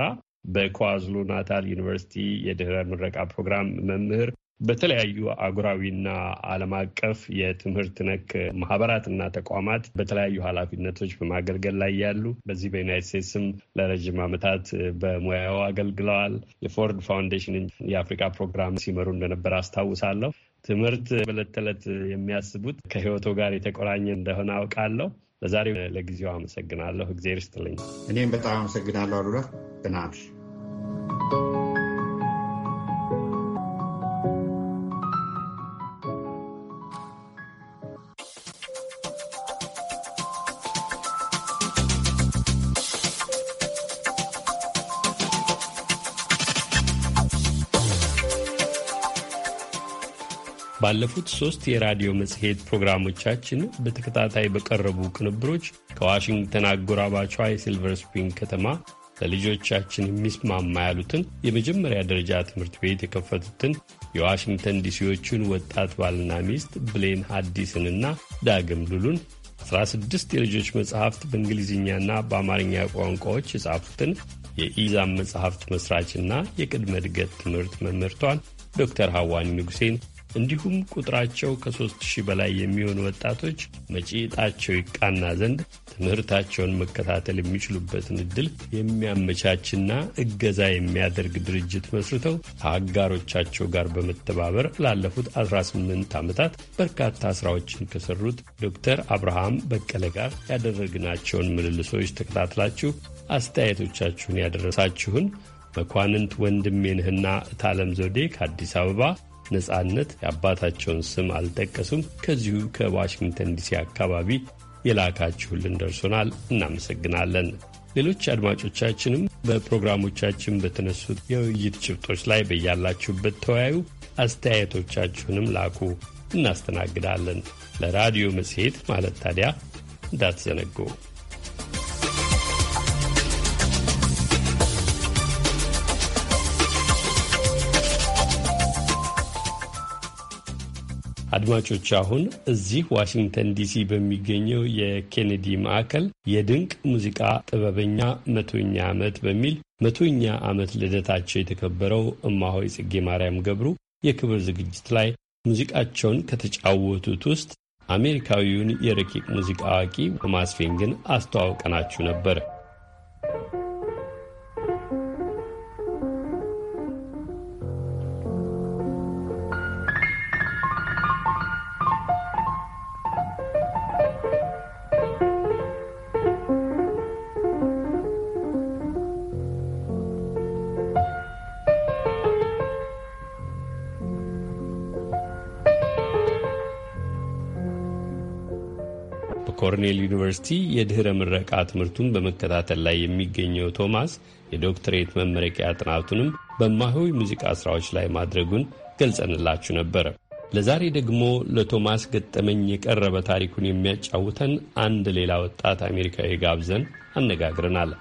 በኳዝሉ ናታል ዩኒቨርሲቲ የድህረ ምረቃ ፕሮግራም መምህር በተለያዩ አህጉራዊና ዓለም አቀፍ የትምህርት ነክ ማህበራትና ተቋማት በተለያዩ ኃላፊነቶች በማገልገል ላይ ያሉ በዚህ በዩናይት ስቴትስም ለረዥም ዓመታት በሙያው አገልግለዋል። የፎርድ ፋውንዴሽንን የአፍሪካ ፕሮግራም ሲመሩ እንደነበር አስታውሳለሁ። ትምህርት በዕለት ተዕለት የሚያስቡት ከህይወቶ ጋር የተቆራኘ እንደሆነ አውቃለሁ። ለዛሬ ለጊዜው አመሰግናለሁ። እግዜር ይስጥልኝ። እኔም በጣም አመሰግናለሁ አሉላ ጥናሽ ባለፉት ሶስት የራዲዮ መጽሔት ፕሮግራሞቻችን በተከታታይ በቀረቡ ቅንብሮች ከዋሽንግተን አጎራባቿ የሲልቨር ስፕሪንግ ከተማ ለልጆቻችን የሚስማማ ያሉትን የመጀመሪያ ደረጃ ትምህርት ቤት የከፈቱትን የዋሽንግተን ዲሲዎቹን ወጣት ባልና ሚስት ብሌን ሀዲስንና ዳግም ሉሉን 16 የልጆች መጽሐፍት በእንግሊዝኛና በአማርኛ ቋንቋዎች የጻፉትን የኢዛም መጽሐፍት መስራችና የቅድመ እድገት ትምህርት መምህርቷን ዶክተር ሐዋኒ ንጉሴን እንዲሁም ቁጥራቸው ከሶስት ሺህ በላይ የሚሆኑ ወጣቶች መጪ ዕጣቸው ይቃና ዘንድ ትምህርታቸውን መከታተል የሚችሉበትን እድል የሚያመቻችና እገዛ የሚያደርግ ድርጅት መስርተው ከአጋሮቻቸው ጋር በመተባበር ላለፉት 18 ዓመታት በርካታ ስራዎችን ከሰሩት ዶክተር አብርሃም በቀለ ጋር ያደረግናቸውን ምልልሶች ተከታትላችሁ አስተያየቶቻችሁን ያደረሳችሁን መኳንንት ወንድሜንህና እታለም ዘውዴ ከአዲስ አበባ ነጻነት የአባታቸውን ስም አልጠቀሱም ከዚሁ ከዋሽንግተን ዲሲ አካባቢ የላካችሁልን ደርሶናል። እናመሰግናለን። ሌሎች አድማጮቻችንም በፕሮግራሞቻችን በተነሱት የውይይት ጭብጦች ላይ በያላችሁበት ተወያዩ፣ አስተያየቶቻችሁንም ላኩ፣ እናስተናግዳለን። ለራዲዮ መጽሔት ማለት ታዲያ እንዳትዘነጉ። አድማጮች አሁን እዚህ ዋሽንግተን ዲሲ በሚገኘው የኬኔዲ ማዕከል የድንቅ ሙዚቃ ጥበበኛ መቶኛ ዓመት በሚል መቶኛ ዓመት ልደታቸው የተከበረው እማሆይ ጽጌ ማርያም ገብሩ የክብር ዝግጅት ላይ ሙዚቃቸውን ከተጫወቱት ውስጥ አሜሪካዊውን የረቂቅ ሙዚቃ አዋቂ በማስፌን ግን አስተዋውቀናችሁ ነበር። ኮርኔል ዩኒቨርሲቲ የድኅረ ምረቃ ትምህርቱን በመከታተል ላይ የሚገኘው ቶማስ የዶክትሬት መመረቂያ ጥናቱንም በማሆይ ሙዚቃ ሥራዎች ላይ ማድረጉን ገልጸንላችሁ ነበር። ለዛሬ ደግሞ ለቶማስ ገጠመኝ የቀረበ ታሪኩን የሚያጫውተን አንድ ሌላ ወጣት አሜሪካዊ ጋብዘን አነጋግረናል።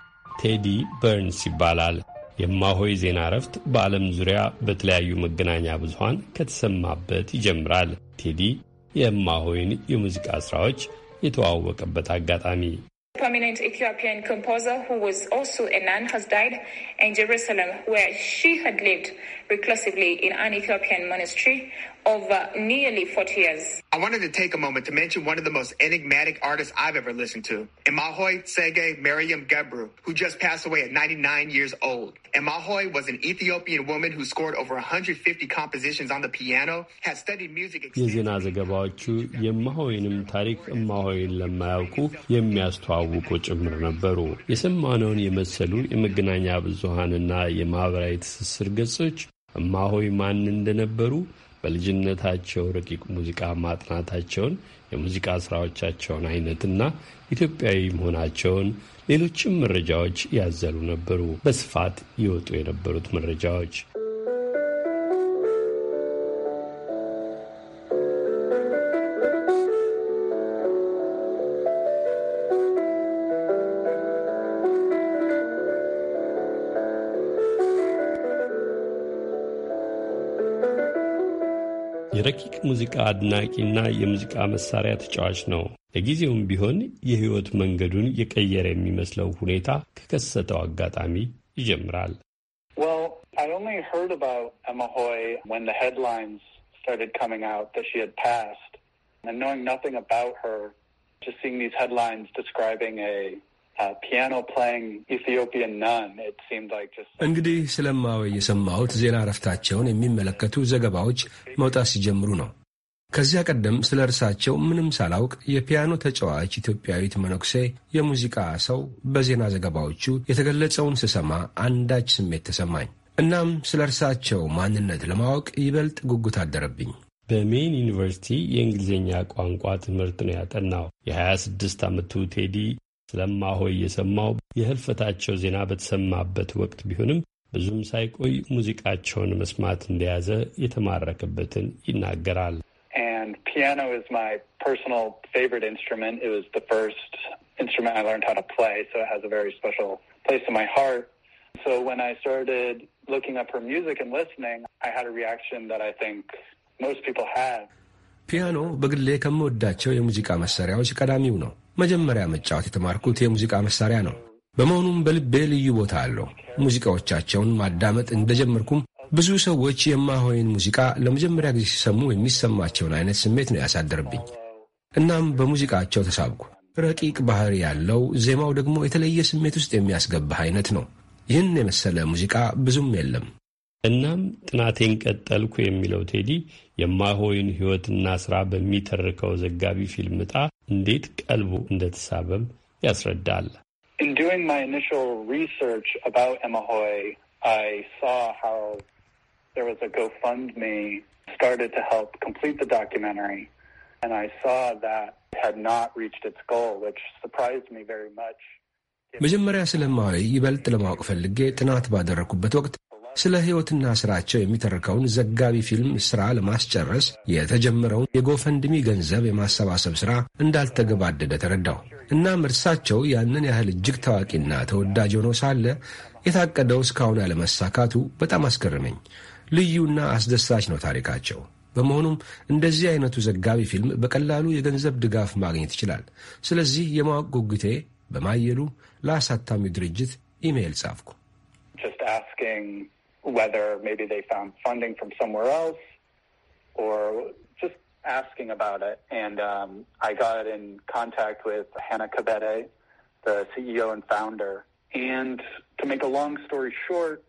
ቴዲ በርንስ ይባላል። የማሆይ ዜና እረፍት በዓለም ዙሪያ በተለያዩ መገናኛ ብዙሃን ከተሰማበት ይጀምራል። ቴዲ የማሆይን የሙዚቃ ሥራዎች የተዋወቀበት አጋጣሚ prominent Ethiopian composer who was also a nun has died in Jerusalem, where she had lived reclusively in an Ethiopian monastery over uh, nearly 40 years. I wanted to take a moment to mention one of the most enigmatic artists I've ever listened to, Imahoy Sege Mariam Gebru, who just passed away at 99 years old. Imahoy was an Ethiopian woman who scored over 150 compositions on the piano, had studied music... የዜና ዘገባዎቹ ትስስር ገጾች እማሆይ ማን እንደነበሩ በልጅነታቸው ረቂቅ ሙዚቃ ማጥናታቸውን የሙዚቃ ስራዎቻቸውን አይነትና ኢትዮጵያዊ መሆናቸውን ሌሎችም መረጃዎች ያዘሉ ነበሩ። በስፋት ይወጡ የነበሩት መረጃዎች የረቂቅ ሙዚቃ አድናቂና የሙዚቃ መሳሪያ ተጫዋች ነው። ለጊዜውም ቢሆን የሕይወት መንገዱን የቀየረ የሚመስለው ሁኔታ ከከሰተው አጋጣሚ ይጀምራል። And knowing nothing about her, just seeing these headlines describing a Uh, እንግዲህ ስለማወ የሰማሁት ዜና እረፍታቸውን የሚመለከቱ ዘገባዎች መውጣት ሲጀምሩ ነው። ከዚያ ቀደም ስለ እርሳቸው ምንም ሳላውቅ የፒያኖ ተጫዋች ኢትዮጵያዊት መነኩሴ የሙዚቃ ሰው በዜና ዘገባዎቹ የተገለጸውን ስሰማ አንዳች ስሜት ተሰማኝ። እናም ስለ እርሳቸው ማንነት ለማወቅ ይበልጥ ጉጉት አደረብኝ። በሜን ዩኒቨርሲቲ የእንግሊዝኛ ቋንቋ ትምህርት ነው ያጠናው። የ26 ዓመቱ ቴዲ And piano is my personal favorite instrument. It was the first instrument I learned how to play, so it has a very special place in my heart. So when I started looking up her music and listening, I had a reaction that I think most people have. ፒያኖ በግሌ ከምወዳቸው የሙዚቃ መሳሪያዎች ቀዳሚው ነው። መጀመሪያ መጫወት የተማርኩት የሙዚቃ መሳሪያ ነው። በመሆኑም በልቤ ልዩ ቦታ አለው። ሙዚቃዎቻቸውን ማዳመጥ እንደጀመርኩም ብዙ ሰዎች የማሆይን ሙዚቃ ለመጀመሪያ ጊዜ ሲሰሙ የሚሰማቸውን አይነት ስሜት ነው ያሳደርብኝ። እናም በሙዚቃቸው ተሳብኩ። ረቂቅ ባህሪ ያለው ዜማው ደግሞ የተለየ ስሜት ውስጥ የሚያስገባህ አይነት ነው። ይህን የመሰለ ሙዚቃ ብዙም የለም። እናም ጥናቴን ቀጠልኩ የሚለው ቴዲ የማሆይን ሕይወትና ሥራ በሚተርከው ዘጋቢ ፊልም ዕጣ እንዴት ቀልቡ እንደተሳበም ያስረዳል። መጀመሪያ ስለማሆይ ይበልጥ ለማወቅ ፈልጌ ጥናት ባደረግኩበት ወቅት ስለ ሕይወትና ሥራቸው የሚተርከውን ዘጋቢ ፊልም ሥራ ለማስጨረስ የተጀመረውን የጎፈንድሚ ገንዘብ የማሰባሰብ ሥራ እንዳልተገባደደ ተረዳው እናም እርሳቸው ያንን ያህል እጅግ ታዋቂና ተወዳጅ ሆኖ ሳለ የታቀደው እስካሁን ያለመሳካቱ በጣም አስገረመኝ። ልዩና አስደሳች ነው ታሪካቸው። በመሆኑም እንደዚህ አይነቱ ዘጋቢ ፊልም በቀላሉ የገንዘብ ድጋፍ ማግኘት ይችላል። ስለዚህ የማወቅ ጉጉቴ በማየሉ ለአሳታሚው ድርጅት ኢሜይል ጻፍኩ። whether maybe they found funding from somewhere else or just asking about it. And um, I got in contact with Hannah Cabete, the CEO and founder. And to make a long story short,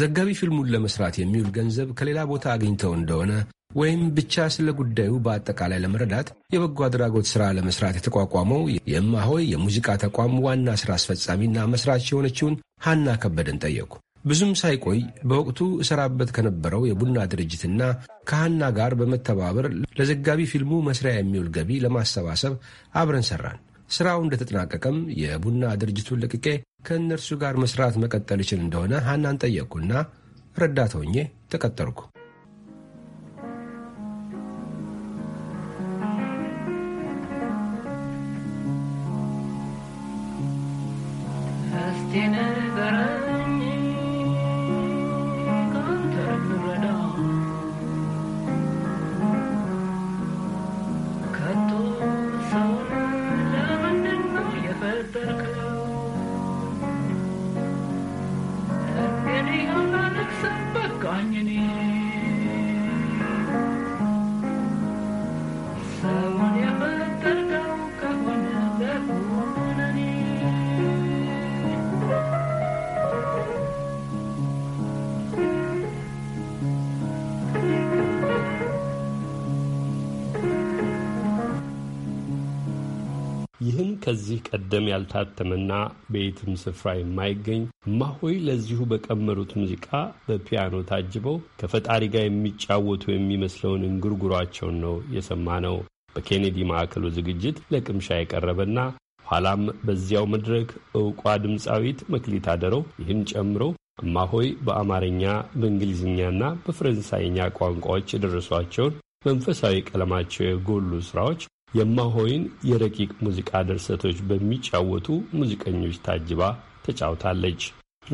ዘጋቢ ፊልሙን ለመስራት የሚውል ገንዘብ ከሌላ ቦታ አግኝተው እንደሆነ ወይም ብቻ ስለ ጉዳዩ በአጠቃላይ ለመረዳት የበጎ አድራጎት ሥራ ለመስራት የተቋቋመው የማሆይ የሙዚቃ ተቋም ዋና ሥራ አስፈጻሚና መስራች የሆነችውን ሐና ከበደን ጠየቁ። ብዙም ሳይቆይ በወቅቱ እሰራበት ከነበረው የቡና ድርጅትና ከሐና ጋር በመተባበር ለዘጋቢ ፊልሙ መስሪያ የሚውል ገቢ ለማሰባሰብ አብረን ሠራን። ሥራው እንደተጠናቀቀም የቡና ድርጅቱን ለቅቄ ከእነርሱ ጋር መሥራት መቀጠል ይችል እንደሆነ ሐናን ጠየቅኩና ረዳት ሆኜ ተቀጠርኩ። dinner. ከዚህ ቀደም ያልታተመና በየትም ስፍራ የማይገኝ እማሆይ ለዚሁ በቀመሩት ሙዚቃ በፒያኖ ታጅበው ከፈጣሪ ጋር የሚጫወቱ የሚመስለውን እንጉርጉሯቸውን ነው የሰማ ነው። በኬኔዲ ማዕከሉ ዝግጅት ለቅምሻ የቀረበና ኋላም በዚያው መድረክ እውቋ ድምፃዊት መክሊት አደረው ይህን ጨምሮ እማሆይ በአማርኛ በእንግሊዝኛና በፈረንሳይኛ ቋንቋዎች የደረሷቸውን መንፈሳዊ ቀለማቸው የጎሉ ሥራዎች የማሆይን የረቂቅ ሙዚቃ ድርሰቶች በሚጫወቱ ሙዚቀኞች ታጅባ ተጫውታለች።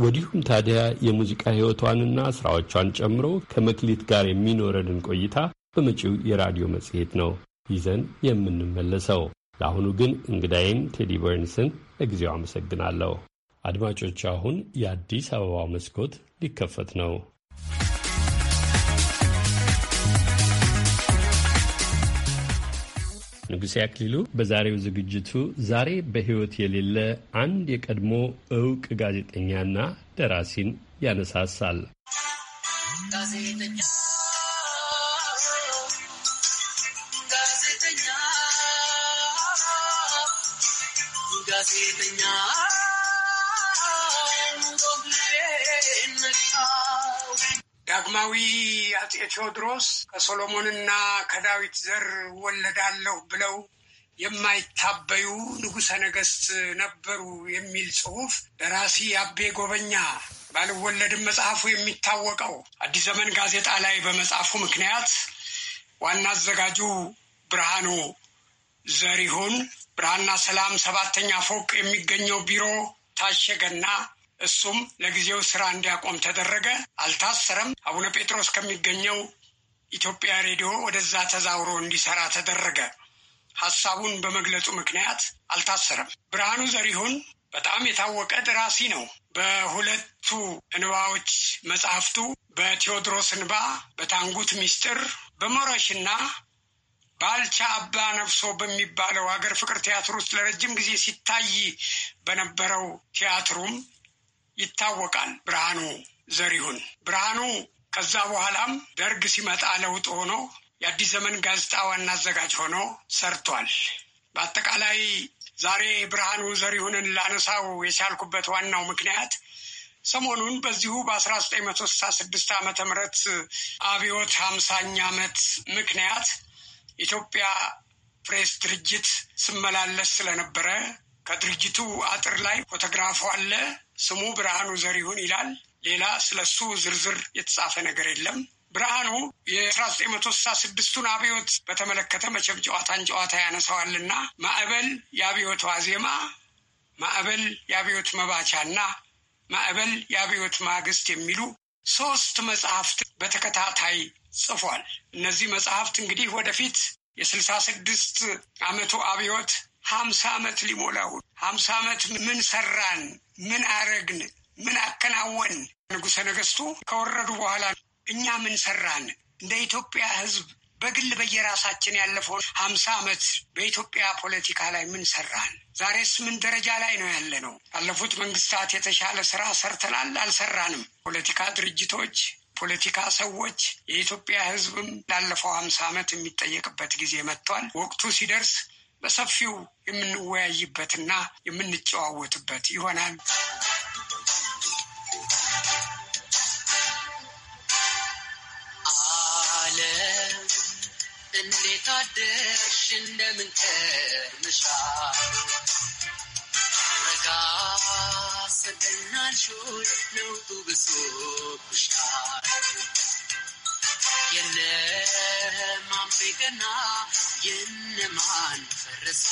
ወዲሁም ታዲያ የሙዚቃ ሕይወቷንና ሥራዎቿን ጨምሮ ከመክሊት ጋር የሚኖረንን ቆይታ በመጪው የራዲዮ መጽሔት ነው ይዘን የምንመለሰው። ለአሁኑ ግን እንግዳይን ቴዲ በርንስን ለጊዜው አመሰግናለሁ። አድማጮች፣ አሁን የአዲስ አበባ መስኮት ሊከፈት ነው። ንጉሴ አክሊሉ በዛሬው ዝግጅቱ ዛሬ በሕይወት የሌለ አንድ የቀድሞ እውቅ ጋዜጠኛና ደራሲን ያነሳሳል። ጋዜጠኛ ዳግማዊ አጼ ቴዎድሮስ ከሶሎሞንና ከዳዊት ዘር ወለዳለሁ ብለው የማይታበዩ ንጉሠ ነገሥት ነበሩ የሚል ጽሑፍ ደራሲ አቤ ጎበኛ ባልወለድም መጽሐፉ የሚታወቀው አዲስ ዘመን ጋዜጣ ላይ በመጽሐፉ ምክንያት ዋና አዘጋጁ ብርሃኑ ዘሪሁን ብርሃንና ሰላም ሰባተኛ ፎቅ የሚገኘው ቢሮ ታሸገና እሱም ለጊዜው ስራ እንዲያቆም ተደረገ። አልታሰረም። አቡነ ጴጥሮስ ከሚገኘው ኢትዮጵያ ሬዲዮ ወደዛ ተዛውሮ እንዲሰራ ተደረገ። ሀሳቡን በመግለጹ ምክንያት አልታሰረም። ብርሃኑ ዘሪሁን በጣም የታወቀ ደራሲ ነው። በሁለቱ እንባዎች መጽሐፍቱ በቴዎድሮስ እንባ፣ በታንጉት ምስጢር፣ በሞረሽና ባልቻ አባ ነፍሶ በሚባለው ሀገር ፍቅር ቲያትር ውስጥ ለረጅም ጊዜ ሲታይ በነበረው ቲያትሩም ይታወቃል። ብርሃኑ ዘሪሁን ብርሃኑ ከዛ በኋላም ደርግ ሲመጣ ለውጥ ሆኖ የአዲስ ዘመን ጋዜጣ ዋና አዘጋጅ ሆኖ ሰርቷል። በአጠቃላይ ዛሬ ብርሃኑ ዘሪሁንን ላነሳው የቻልኩበት ዋናው ምክንያት ሰሞኑን በዚሁ በ1966 ዓ ም አብዮት ሃምሳኛ ዓመት ምክንያት ኢትዮጵያ ፕሬስ ድርጅት ስመላለስ ስለነበረ ከድርጅቱ አጥር ላይ ፎቶግራፉ አለ። ስሙ ብርሃኑ ዘሪሁን ይላል። ሌላ ስለ እሱ ዝርዝር የተጻፈ ነገር የለም። ብርሃኑ የ 1966 ስድስቱን አብዮት በተመለከተ መቼም ጨዋታን ጨዋታ ያነሳዋልና ማዕበል የአብዮት ዋዜማ፣ ማዕበል የአብዮት መባቻና ማዕበል የአብዮት ማግስት የሚሉ ሶስት መጽሐፍት በተከታታይ ጽፏል። እነዚህ መጽሐፍት እንግዲህ ወደፊት የስልሳ ስድስት ዓመቱ አብዮት ሀምሳ ዓመት ሊሞላው ሀምሳ ዓመት ምን ሰራን? ምን አረግን? ምን አከናወን? ንጉሠ ነገሥቱ ከወረዱ በኋላ እኛ ምን ሰራን? እንደ ኢትዮጵያ ሕዝብ በግል በየራሳችን ያለፈውን ሀምሳ ዓመት በኢትዮጵያ ፖለቲካ ላይ ምን ሰራን? ዛሬስ ምን ደረጃ ላይ ነው ያለ ነው? ባለፉት መንግስታት የተሻለ ስራ ሰርተናል? አልሰራንም? ፖለቲካ ድርጅቶች፣ ፖለቲካ ሰዎች፣ የኢትዮጵያ ህዝብም ላለፈው ሀምሳ ዓመት የሚጠየቅበት ጊዜ መጥቷል። ወቅቱ ሲደርስ በሰፊው የምንወያይበትና የምንጨዋወትበት ይሆናል። እንዴት አደርሽ? እንደምን ከርምሻል? ረጋ ሰደናልሽ ለውጡ ብሶብሻል። የነማን የነማን ፈረሰ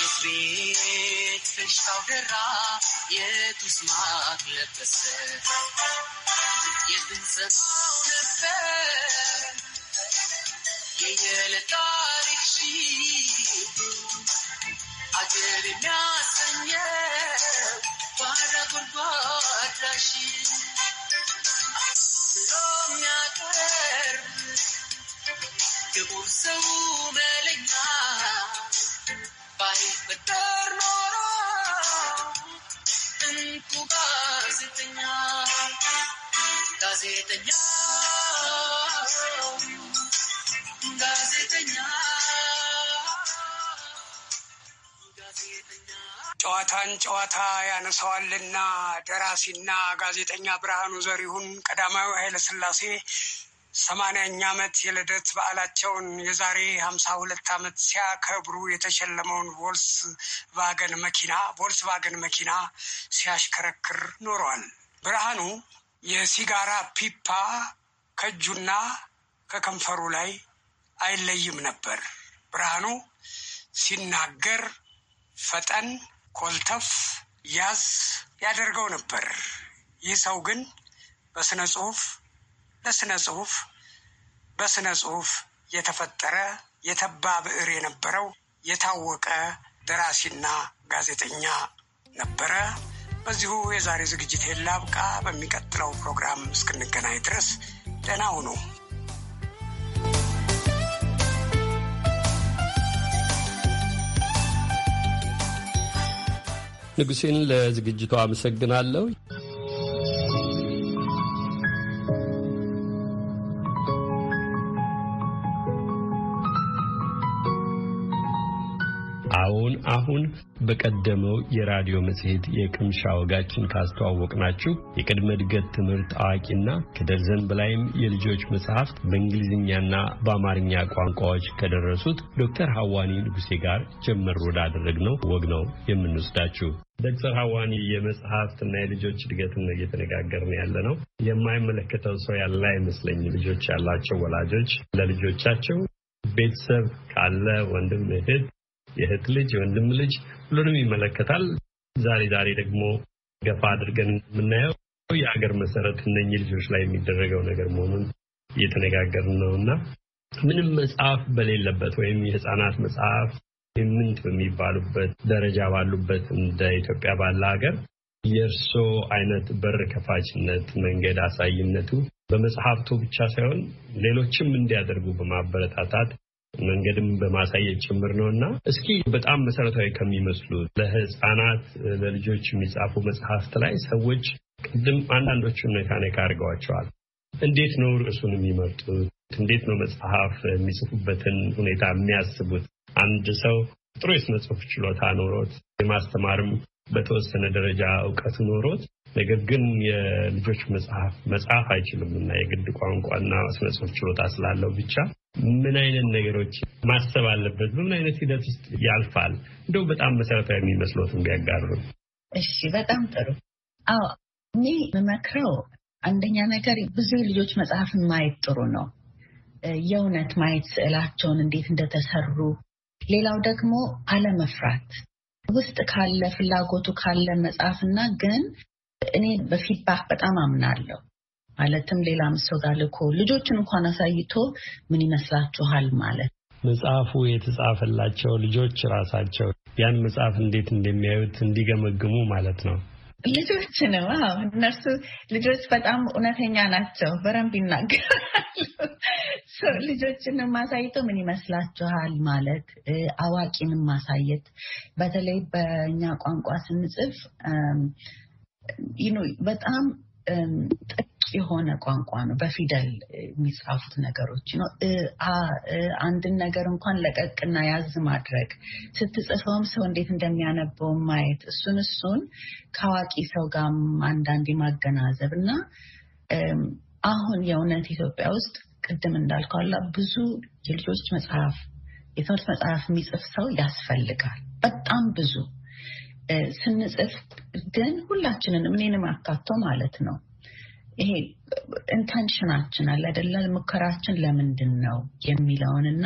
የት ደራ የቱስ ማቅ ለበሰ የትንሰሳው ነበር የየለታሪክ ብሎ የሚያቀርብ ጥቁር መለኛ ባይፈጠር ኖሮ እንቁ ጋዜጠኛ ጋዜጠኛ ጋዜጠኛ ጨዋታን ጨዋታ ያነሳዋልና ደራሲና ጋዜጠኛ ብርሃኑ ዘሪሁን ቀዳማዊ ኃይለ ሥላሴ ሰማንያኛ ዓመት የልደት በዓላቸውን የዛሬ ሀምሳ ሁለት ዓመት ሲያከብሩ የተሸለመውን ቮልስ ቫገን መኪና ቮልስ ቫገን መኪና ሲያሽከረክር ኖሯል። ብርሃኑ የሲጋራ ፒፓ ከእጁና ከከንፈሩ ላይ አይለይም ነበር። ብርሃኑ ሲናገር ፈጠን ኮልተፍ ያዝ ያደርገው ነበር። ይህ ሰው ግን በስነ ጽሁፍ ለስነ ጽሁፍ በስነ ጽሁፍ የተፈጠረ የተባ ብዕር የነበረው የታወቀ ደራሲና ጋዜጠኛ ነበረ። በዚሁ የዛሬ ዝግጅት ላብቃ። በሚቀጥለው ፕሮግራም እስክንገናኝ ድረስ ደህና ሁኑ። ንጉሴን ለዝግጅቱ አመሰግናለሁ። አዎን አሁን በቀደመው የራዲዮ መጽሔት የቅምሻ ወጋችን ካስተዋወቅናችሁ የቅድመ እድገት ትምህርት አዋቂና ከደርዘን በላይም የልጆች መጽሐፍት በእንግሊዝኛና በአማርኛ ቋንቋዎች ከደረሱት ዶክተር ሐዋኒ ንጉሴ ጋር ጀመር ነው ወግ ነው የምንወስዳችሁ። ዶክተር ሐዋኒ የመጽሐፍትና የልጆች እድገትን ነው እየተነጋገርን ያለ ነው። የማይመለከተው ሰው ያለ አይመስለኝ። ልጆች ያላቸው ወላጆች ለልጆቻቸው ቤተሰብ ካለ ወንድም እህት የእህት ልጅ፣ የወንድም ልጅ ሁሉንም ይመለከታል። ዛሬ ዛሬ ደግሞ ገፋ አድርገን የምናየው የሀገር መሰረት እነኚህ ልጆች ላይ የሚደረገው ነገር መሆኑን እየተነጋገርን ነው እና ምንም መጽሐፍ በሌለበት ወይም የህፃናት መጽሐፍ ምንት በሚባሉበት ደረጃ ባሉበት እንደ ኢትዮጵያ ባለ ሀገር የእርሶ አይነት በር ከፋችነት መንገድ አሳይነቱ በመጽሐፍቱ ብቻ ሳይሆን ሌሎችም እንዲያደርጉ በማበረታታት መንገድም በማሳየት ጭምር ነው እና እስኪ በጣም መሰረታዊ ከሚመስሉ ለህፃናት ለልጆች የሚጻፉ መጽሐፍት ላይ ሰዎች ቅድም አንዳንዶቹን ነካ አድርገዋቸዋል። እንዴት ነው ርዕሱን የሚመርጡት? እንዴት ነው መጽሐፍ የሚጽፉበትን ሁኔታ የሚያስቡት? አንድ ሰው ጥሩ የስነ ጽሁፍ ችሎታ ኖሮት የማስተማርም በተወሰነ ደረጃ እውቀት ኖሮት ነገር ግን የልጆች መጽሐፍ መጽሐፍ አይችሉም እና የግድ ቋንቋና ማስመጽፍ ችሎታ ስላለው ብቻ ምን አይነት ነገሮች ማሰብ አለበት? በምን አይነት ሂደት ውስጥ ያልፋል? እንደው በጣም መሰረታዊ የሚመስሎትን ቢያጋሩ። እሺ፣ በጣም ጥሩ። አዎ፣ እኔ የምመክረው አንደኛ ነገር ብዙ የልጆች መጽሐፍን ማየት ጥሩ ነው። የእውነት ማየት ስዕላቸውን እንዴት እንደተሰሩ። ሌላው ደግሞ አለመፍራት ውስጥ ካለ ፍላጎቱ ካለ መጽሐፍና ግን እኔ በፊድባክ በጣም አምናለሁ። ማለትም ሌላም ሰው ጋር ልኮ ልጆችን እንኳን አሳይቶ ምን ይመስላችኋል ማለት መጽሐፉ የተጻፈላቸው ልጆች ራሳቸው ያን መጽሐፍ እንዴት እንደሚያዩት እንዲገመግሙ ማለት ነው። ልጆች ነው እነርሱ ልጆች በጣም እውነተኛ ናቸው። በረንብ ይናገራሉ። ልጆችን ማሳይቶ ምን ይመስላችኋል ማለት አዋቂንም ማሳየት በተለይ በእኛ ቋንቋ ስንጽፍ በጣም ጥቅ የሆነ ቋንቋ ነው። በፊደል የሚጻፉት ነገሮች ነው። አንድን ነገር እንኳን ለቀቅና ያዝ ማድረግ ስትጽፈውም ሰው እንዴት እንደሚያነበው ማየት እሱን እሱን ከአዋቂ ሰው ጋር አንዳንዴ ማገናዘብ እና አሁን የእውነት ኢትዮጵያ ውስጥ ቅድም እንዳልኳላ ብዙ የልጆች መጽሐፍ የትምህርት መጽሐፍ የሚጽፍ ሰው ያስፈልጋል። በጣም ብዙ ስንጽፍ ግን ሁላችንንም እኔንም አካቶ ማለት ነው። ይሄ ኢንተንሽናችን አለ አይደለ? ሙከራችን ለምንድን ነው የሚለውን እና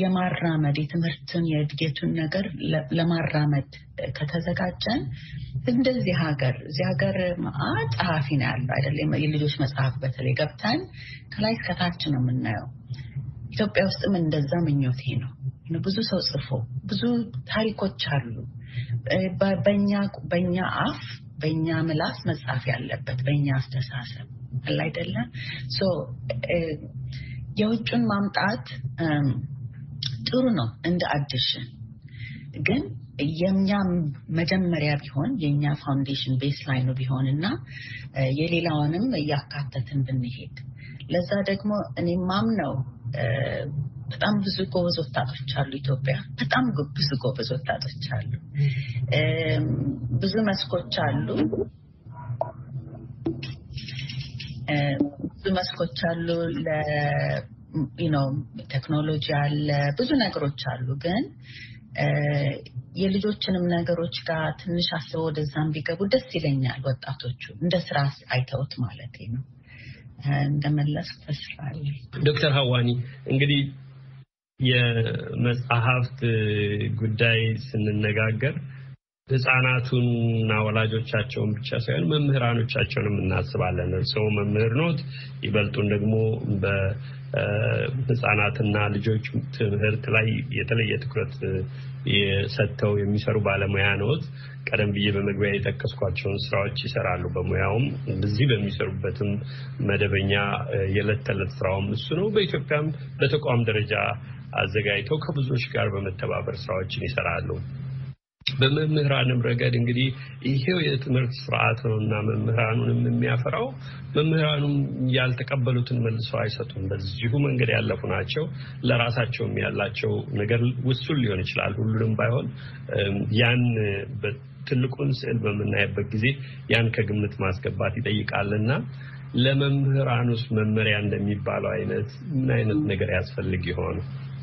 የማራመድ የትምህርትን የእድገቱን ነገር ለማራመድ ከተዘጋጀን እንደዚህ ሀገር እዚህ ሀገር ጸሐፊ ነው ያለው አይደለ? የልጆች መጽሐፍ በተለይ ገብተን ከላይ እስከታች ነው የምናየው። ኢትዮጵያ ውስጥም እንደዛ ምኞቴ ነው። ብዙ ሰው ጽፎ ብዙ ታሪኮች አሉ። በእኛ አፍ በእኛ ምላስ መጻፍ ያለበት በእኛ አስተሳሰብ አለ አይደለም። የውጭን ማምጣት ጥሩ ነው እንደ አዲሽን ግን የኛ መጀመሪያ ቢሆን የኛ ፋውንዴሽን ቤስ ላይኑ ቢሆን እና የሌላውንም እያካተትን ብንሄድ ለዛ ደግሞ እኔ ማምነው በጣም ብዙ ጎበዝ ወጣቶች አሉ። ኢትዮጵያ በጣም ብዙ ጎበዝ ወጣቶች አሉ። ብዙ መስኮች አሉ። ብዙ መስኮች አሉ። ቴክኖሎጂ አለ። ብዙ ነገሮች አሉ ግን የልጆችንም ነገሮች ጋር ትንሽ አስበው ወደዛም ቢገቡ ደስ ይለኛል። ወጣቶቹ እንደ ስራ አይተውት ማለት ነው። እንደመለስ ተስፋ ዶክተር ሀዋኒ እንግዲህ የመጽሐፍት ጉዳይ ስንነጋገር ህጻናቱንና ወላጆቻቸውን ብቻ ሳይሆን መምህራኖቻቸውንም እናስባለን። እርስዎ መምህር ኖት፣ ይበልጡን ደግሞ በህጻናትና ልጆች ትምህርት ላይ የተለየ ትኩረት ሰጥተው የሚሰሩ ባለሙያ ኖት። ቀደም ብዬ በመግቢያ የጠቀስኳቸውን ስራዎች ይሰራሉ። በሙያውም በዚህ በሚሰሩበትም መደበኛ የዕለት ተዕለት ስራውም እሱ ነው። በኢትዮጵያም በተቋም ደረጃ አዘጋጅተው ከብዙዎች ጋር በመተባበር ስራዎችን ይሰራሉ። በመምህራንም ረገድ እንግዲህ ይሄው የትምህርት ስርዓት ነው እና መምህራኑንም የሚያፈራው መምህራኑም ያልተቀበሉትን መልሰው አይሰጡም። በዚሁ መንገድ ያለፉ ናቸው። ለራሳቸውም ያላቸው ነገር ውሱን ሊሆን ይችላል። ሁሉንም ባይሆን ያን ትልቁን ስዕል በምናይበት ጊዜ ያን ከግምት ማስገባት ይጠይቃል እና ለመምህራኑስ መመሪያ እንደሚባለው አይነት ምን አይነት ነገር ያስፈልግ ይሆን?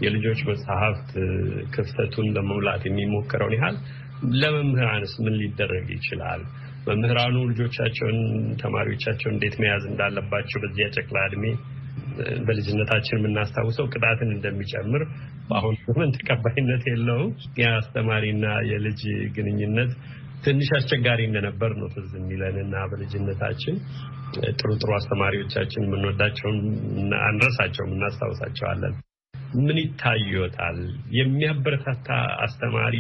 የልጆች መጽሐፍት ክፍተቱን ለመሙላት የሚሞክረውን ያህል ለመምህራንስ ምን ሊደረግ ይችላል? መምህራኑ ልጆቻቸውን፣ ተማሪዎቻቸውን እንዴት መያዝ እንዳለባቸው በዚህ ያጨቅላ እድሜ በልጅነታችን የምናስታውሰው ቅጣትን እንደሚጨምር በአሁኑ ዘመን ተቀባይነት የለውም። የአስተማሪና የልጅ ግንኙነት ትንሽ አስቸጋሪ እንደነበር ነው ትዝ የሚለን እና በልጅነታችን ጥሩ ጥሩ አስተማሪዎቻችን የምንወዳቸውን አንረሳቸውም፣ እናስታውሳቸዋለን። ምን ይታይዎታል? የሚያበረታታ አስተማሪ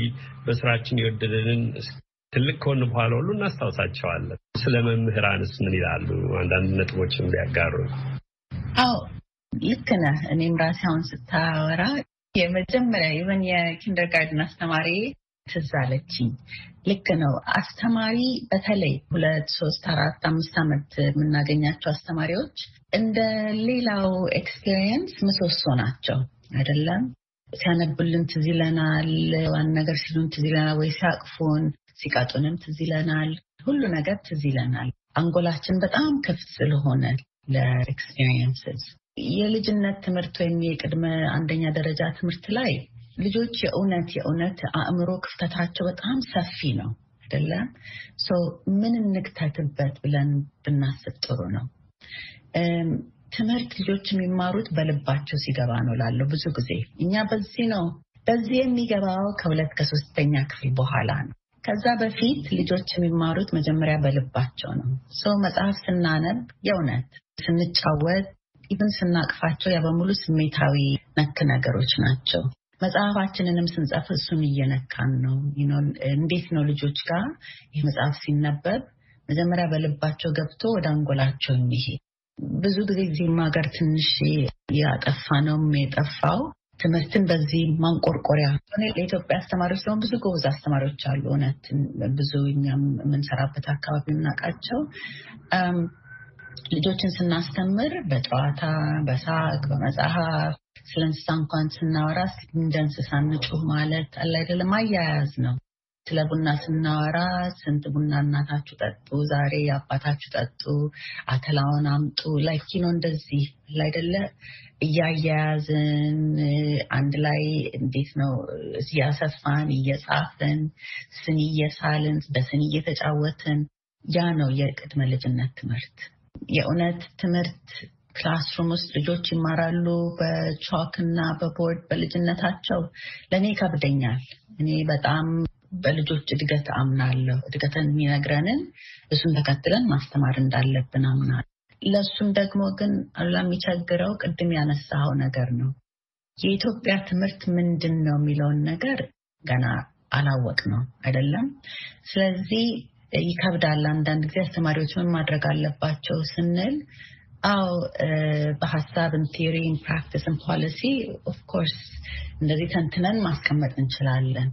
በስራችን የወደደንን ትልቅ ከሆን በኋላ ሁሉ እናስታውሳቸዋለን። ስለ መምህራንስ ምን ይላሉ? አንዳንድ ነጥቦችን ቢያጋሩ። አዎ ልክ ነህ። እኔም ራሴ አሁን ስታወራ የመጀመሪያ ይሆን የኪንደርጋርድን አስተማሪ ትዝ አለችኝ። ልክ ነው። አስተማሪ በተለይ ሁለት ሶስት አራት አምስት ዓመት የምናገኛቸው አስተማሪዎች እንደ ሌላው ኤክስፔሪየንስ ምሰሶ ናቸው። አይደለም ሲያነቡልን ትዝ ይለናል። ዋን ነገር ሲሉን ትዝ ይለናል። ወይ ሲያቅፉን፣ ሲቀጡንም ትዝ ይለናል። ሁሉ ነገር ትዝ ይለናል። አንጎላችን በጣም ክፍት ስለሆነ ለኤክስፒሪየንስስ የልጅነት ትምህርት ወይም የቅድመ አንደኛ ደረጃ ትምህርት ላይ ልጆች የእውነት የእውነት አእምሮ ክፍተታቸው በጣም ሰፊ ነው አይደለም። ምን እንክተትበት ብለን ብናስብ ጥሩ ነው። ትምህርት ልጆች የሚማሩት በልባቸው ሲገባ ነው ላለው ብዙ ጊዜ እኛ በዚህ ነው በዚህ የሚገባው ከሁለት ከሶስተኛ ክፍል በኋላ ነው። ከዛ በፊት ልጆች የሚማሩት መጀመሪያ በልባቸው ነው። ሰው መጽሐፍ ስናነብ የእውነት ስንጫወት፣ ኢቭን ስናቅፋቸው ያ በሙሉ ስሜታዊ ነክ ነገሮች ናቸው። መጽሐፋችንንም ስንጸፍ እሱን እየነካን ነው። እንዴት ነው ልጆች ጋር ይህ መጽሐፍ ሲነበብ መጀመሪያ በልባቸው ገብቶ ወደ አንጎላቸው የሚሄድ ብዙ ጊዜ ሀገር ትንሽ ያጠፋ ነው የጠፋው ትምህርትን በዚህ ማንቆርቆሪያ ለኢትዮጵያ አስተማሪዎች ሲሆን ብዙ ጎበዝ አስተማሪዎች አሉ። እውነት ብዙ እኛም የምንሰራበት አካባቢ የምናውቃቸው ልጆችን ስናስተምር በጨዋታ፣ በሳቅ፣ በመጽሐፍ ስለ እንስሳ እንኳን ስናወራ እንደ እንስሳ ንጩህ ማለት አለ አይደለም አያያዝ ነው። ስለ ቡና ስናወራ ስንት ቡና እናታችሁ ጠጡ፣ ዛሬ አባታችሁ ጠጡ፣ አተላውን አምጡ ላይክ ነው እንደዚህ ላይደለ እያያያዝን አንድ ላይ እንዴት ነው እያሰፋን እየጻፍን ስኒ እየሳልን በስኒ እየተጫወትን ያ ነው የቅድመ ልጅነት ትምህርት። የእውነት ትምህርት ክላስሩም ውስጥ ልጆች ይማራሉ በቾክ እና በቦርድ በልጅነታቸው። ለእኔ ይከብደኛል። እኔ በጣም በልጆች እድገት አምናለሁ። እድገትን የሚነግረንን እሱን ተከትለን ማስተማር እንዳለብን አምናለሁ። ለእሱም ደግሞ ግን የሚቸግረው ቅድም ያነሳኸው ነገር ነው። የኢትዮጵያ ትምህርት ምንድን ነው የሚለውን ነገር ገና አላወቅ ነው አይደለም። ስለዚህ ይከብዳል። አንዳንድ ጊዜ አስተማሪዎች ምን ማድረግ አለባቸው ስንል አው በሀሳብን ቲዮሪን ፕራክቲስን ፖሊሲ ኦፍኮርስ እንደዚህ ተንትነን ማስቀመጥ እንችላለን።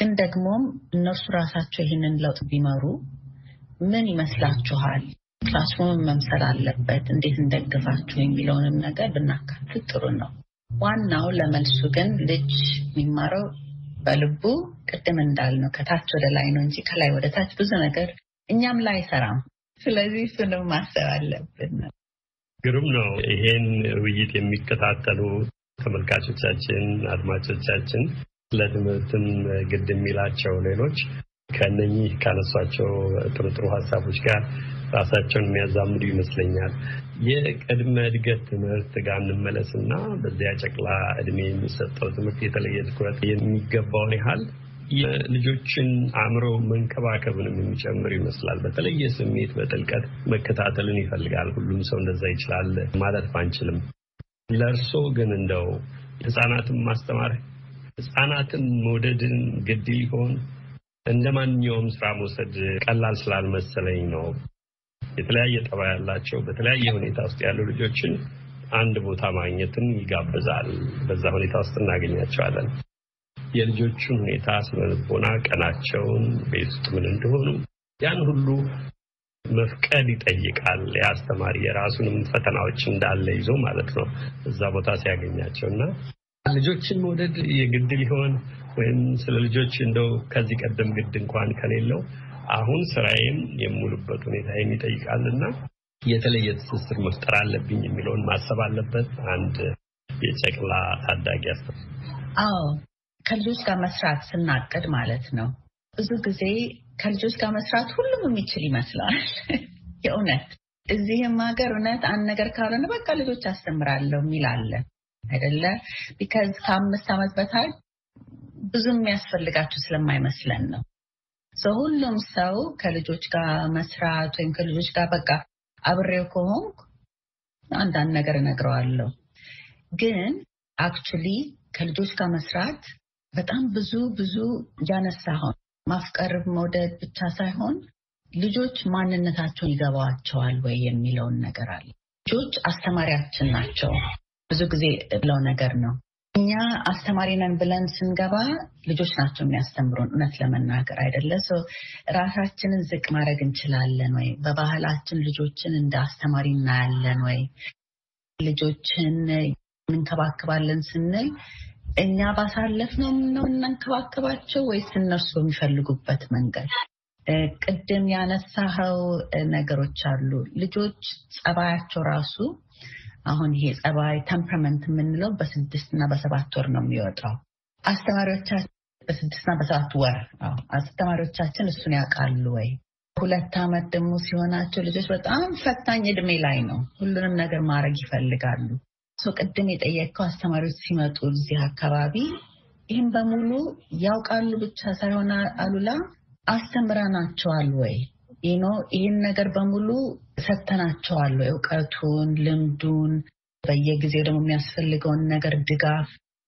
ግን ደግሞም እነርሱ ራሳቸው ይህንን ለውጥ ቢመሩ ምን ይመስላችኋል? ክላስሩም መምሰል አለበት፣ እንዴት እንደግፋችሁ የሚለውንም ነገር ብናካትት ጥሩ ነው። ዋናው ለመልሱ ግን ልጅ የሚማረው በልቡ ቅድም እንዳልነው ከታች ወደ ላይ ነው እንጂ ከላይ ወደ ታች ብዙ ነገር እኛም ላይ አይሰራም። ስለዚህ እሱንም ማሰብ አለብን። ግሩም ነው። ይሄን ውይይት የሚከታተሉ ተመልካቾቻችን፣ አድማጮቻችን ለትምህርትም ግድ የሚላቸው ሌሎች ከነኚህ ካነሷቸው ጥሩ ጥሩ ሀሳቦች ጋር ራሳቸውን የሚያዛምዱ ይመስለኛል። የቅድመ እድገት ትምህርት ጋር እንመለስና በዚያ ጨቅላ እድሜ የሚሰጠው ትምህርት የተለየ ትኩረት የሚገባውን ያህል የልጆችን አእምሮ መንከባከብንም የሚጨምር ይመስላል። በተለየ ስሜት በጥልቀት መከታተልን ይፈልጋል። ሁሉም ሰው እንደዛ ይችላል ማለት ባንችልም፣ ለእርሶ ግን እንደው ህጻናትን ማስተማር ህጻናትን መውደድን ግድ ሊሆን እንደ ማንኛውም ስራ መውሰድ ቀላል ስላልመሰለኝ ነው። የተለያየ ጠባ ያላቸው በተለያየ ሁኔታ ውስጥ ያሉ ልጆችን አንድ ቦታ ማግኘትን ይጋብዛል። በዛ ሁኔታ ውስጥ እናገኛቸዋለን። የልጆቹን ሁኔታ ስነልቦና፣ ቀናቸውን፣ ቤት ውስጥ ምን እንደሆኑ ያን ሁሉ መፍቀድ ይጠይቃል። የአስተማሪ የራሱንም ፈተናዎች እንዳለ ይዞ ማለት ነው እዛ ቦታ ሲያገኛቸው እና ልጆችን መውደድ የግድ ሊሆን ወይም ስለ ልጆች እንደው ከዚህ ቀደም ግድ እንኳን ከሌለው አሁን ስራዬም የሙሉበት ሁኔታ ይጠይቃልና የተለየ ትስስር መፍጠር አለብኝ የሚለውን ማሰብ አለበት። አንድ የጨቅላ ታዳጊ ያስ አዎ ከልጆች ጋር መስራት ስናቅድ ማለት ነው። ብዙ ጊዜ ከልጆች ጋር መስራት ሁሉም የሚችል ይመስላል። የእውነት እዚህም ሀገር እውነት አንድ ነገር ካልሆነ በቃ ልጆች አስተምራለሁ የሚል አለ። አይደለ? ቢካዝ ከአምስት ዓመት በታች ብዙ የሚያስፈልጋቸው ስለማይመስለን ነው። ሁሉም ሰው ከልጆች ጋር መስራት ወይም ከልጆች ጋር በቃ አብሬው ከሆንኩ አንዳንድ ነገር እነግረዋለሁ። ግን አክቹሊ ከልጆች ጋር መስራት በጣም ብዙ ብዙ ያነሳሁን ማፍቀር መውደድ ብቻ ሳይሆን ልጆች ማንነታቸውን ይገባቸዋል ወይ የሚለውን ነገር አለ። ልጆች አስተማሪያችን ናቸው። ብዙ ጊዜ ብለው ነገር ነው። እኛ አስተማሪ ነን ብለን ስንገባ ልጆች ናቸው የሚያስተምሩን። እውነት ለመናገር አይደለ ራሳችንን ዝቅ ማድረግ እንችላለን ወይ? በባህላችን ልጆችን እንደ አስተማሪ እናያለን ወይ? ልጆችን እንንከባከባለን ስንል እኛ ባሳለፍ ነው ነው እናንከባከባቸው ወይስ እነርሱ በሚፈልጉበት መንገድ? ቅድም ያነሳኸው ነገሮች አሉ። ልጆች ጸባያቸው ራሱ አሁን ይሄ ጸባይ ተምፐርመንት የምንለው በስድስት እና በሰባት ወር ነው የሚወጣው። አስተማሪዎቻችን በስድስት እና በሰባት ወር አስተማሪዎቻችን እሱን ያውቃሉ ወይ? ሁለት ዓመት ደግሞ ሲሆናቸው ልጆች በጣም ፈታኝ እድሜ ላይ ነው። ሁሉንም ነገር ማድረግ ይፈልጋሉ። ቅድም የጠየቀው አስተማሪዎች ሲመጡ እዚህ አካባቢ ይህም በሙሉ ያውቃሉ ብቻ ሳይሆን አሉላ አስተምረናቸዋል ወይ ኖ ይህን ነገር በሙሉ ሰተናቸዋል። እውቀቱን፣ ልምዱን በየጊዜው ደግሞ የሚያስፈልገውን ነገር ድጋፍ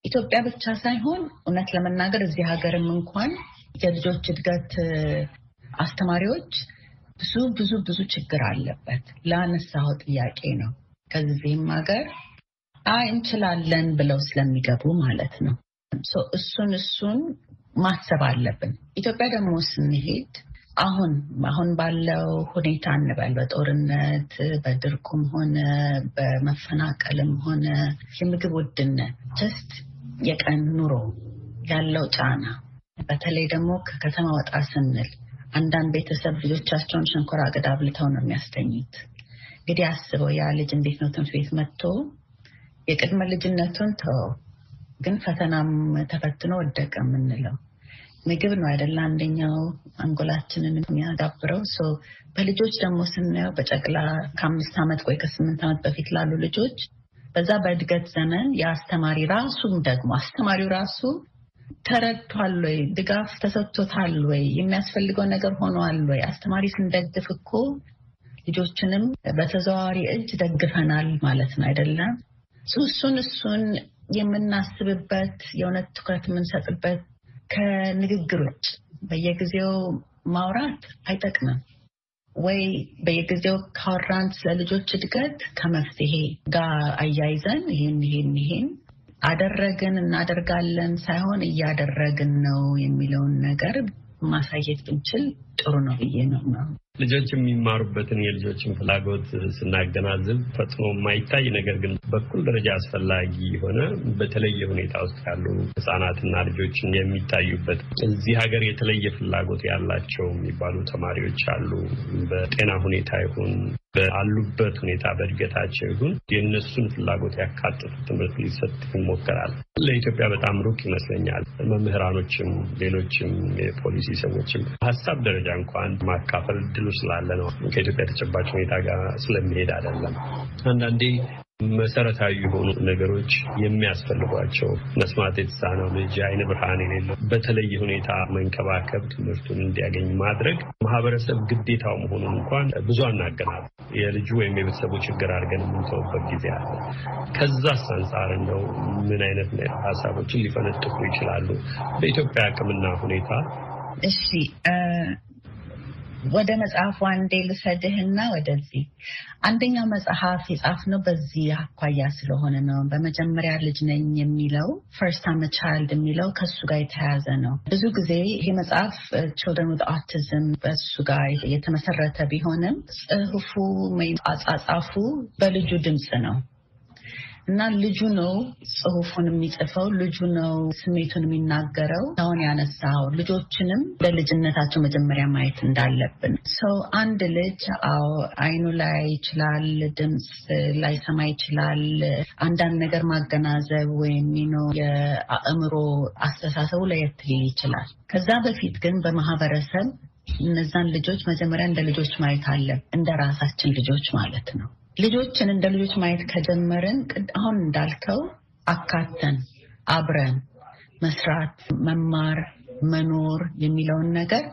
ኢትዮጵያ ብቻ ሳይሆን እውነት ለመናገር እዚህ ሀገርም እንኳን የልጆች እድገት አስተማሪዎች ብዙ ብዙ ብዙ ችግር አለበት። ላነሳው ጥያቄ ነው። ከዚህም ሀገር አይ እንችላለን ብለው ስለሚገቡ ማለት ነው። እሱን እሱን ማሰብ አለብን። ኢትዮጵያ ደግሞ ስንሄድ አሁን አሁን ባለው ሁኔታ እንበል በጦርነት በድርቁም ሆነ በመፈናቀልም ሆነ የምግብ ውድነት ስት የቀን ኑሮ ያለው ጫና በተለይ ደግሞ ከከተማ ወጣ ስንል አንዳንድ ቤተሰብ ልጆቻቸውን ሸንኮራ አገዳ ብልተው ነው የሚያስተኙት። እንግዲህ አስበው ያ ልጅ እንዴት ነው ትምህርት ቤት መጥቶ የቅድመ ልጅነቱን ተወው፣ ግን ፈተናም ተፈትኖ ወደቀ የምንለው ምግብ ነው አይደለ? አንደኛው አንጎላችንን የሚያዳብረው። በልጆች ደግሞ ስናየው በጨቅላ ከአምስት ዓመት ወይ ከስምንት ዓመት በፊት ላሉ ልጆች በዛ በእድገት ዘመን የአስተማሪ ራሱም ደግሞ አስተማሪው ራሱ ተረድቷል ወይ፣ ድጋፍ ተሰጥቶታል ወይ፣ የሚያስፈልገው ነገር ሆኗል ወይ? አስተማሪ ስንደግፍ እኮ ልጆችንም በተዘዋዋሪ እጅ ደግፈናል ማለት ነው አይደለም? እሱን እሱን የምናስብበት የእውነት ትኩረት የምንሰጥበት ከንግግሮች በየጊዜው ማውራት አይጠቅምም። ወይ በየጊዜው ካወራን ስለ ልጆች እድገት ከመፍትሄ ጋር አያይዘን ይህን ይህን ይህን አደረግን እናደርጋለን ሳይሆን እያደረግን ነው የሚለውን ነገር ማሳየት ብንችል ጥሩ ነው ብዬ ነው። ልጆች የሚማሩበትን የልጆችን ፍላጎት ስናገናዝብ ፈጥኖ የማይታይ ነገር ግን በኩል ደረጃ አስፈላጊ የሆነ በተለየ ሁኔታ ውስጥ ያሉ ህጻናትና ልጆች የሚታዩበት እዚህ ሀገር የተለየ ፍላጎት ያላቸው የሚባሉ ተማሪዎች አሉ። በጤና ሁኔታ ይሁን ባሉበት ሁኔታ በእድገታቸው ይሁን የእነሱን ፍላጎት ያካተቱ ትምህርት ሊሰጥ ይሞከራል። ለኢትዮጵያ በጣም ሩቅ ይመስለኛል። መምህራኖችም ሌሎችም የፖሊሲ ሰዎችም ሀሳብ ደረጃ እንኳን ማካፈል እድሉ ስላለ ነው። ከኢትዮጵያ ተጨባጭ ሁኔታ ጋር ስለሚሄድ አይደለም። አንዳንዴ መሰረታዊ የሆኑ ነገሮች የሚያስፈልጓቸው መስማት የተሳነው ልጅ አይነ ብርሃን የሌለው በተለየ ሁኔታ መንከባከብ፣ ትምህርቱን እንዲያገኝ ማድረግ ማህበረሰብ ግዴታው መሆኑን እንኳን ብዙ አናገናል። የልጁ ወይም የቤተሰቡ ችግር አድርገን የምንተውበት ጊዜ አለ። ከዛስ አንጻር እንደው ምን አይነት ሀሳቦችን ሊፈነጥቁ ይችላሉ? በኢትዮጵያ አቅምና ሁኔታ እሺ ወደ መጽሐፉ አንዴ ልሰድህና ወደዚህ አንደኛው መጽሐፍ የጻፍነው በዚህ አኳያ ስለሆነ ነው። በመጀመሪያ ልጅ ነኝ የሚለው ፈርስት አመት ቻይልድ የሚለው ከሱ ጋር የተያያዘ ነው። ብዙ ጊዜ ይሄ መጽሐፍ ችልድረን ዊዝ አውቲዝም በሱ ጋር የተመሰረተ ቢሆንም ጽሁፉ ወይም አጻጻፉ በልጁ ድምፅ ነው። እና ልጁ ነው ጽሁፉን የሚጽፈው፣ ልጁ ነው ስሜቱን የሚናገረው። አሁን ያነሳው ልጆችንም በልጅነታቸው መጀመሪያ ማየት እንዳለብን ሰው አንድ ልጅ አዎ አይኑ ላይ ይችላል፣ ድምፅ ሰማ ይችላል። አንዳንድ ነገር ማገናዘብ ወይም ነው የአእምሮ አስተሳሰቡ ለየት ሊል ይችላል። ከዛ በፊት ግን በማህበረሰብ እነዛን ልጆች መጀመሪያ እንደ ልጆች ማየት አለን፣ እንደ ራሳችን ልጆች ማለት ነው። ልጆችን እንደ ልጆች ማየት ከጀመርን አሁን እንዳልከው አካተን አብረን መስራት፣ መማር፣ መኖር የሚለውን ነገር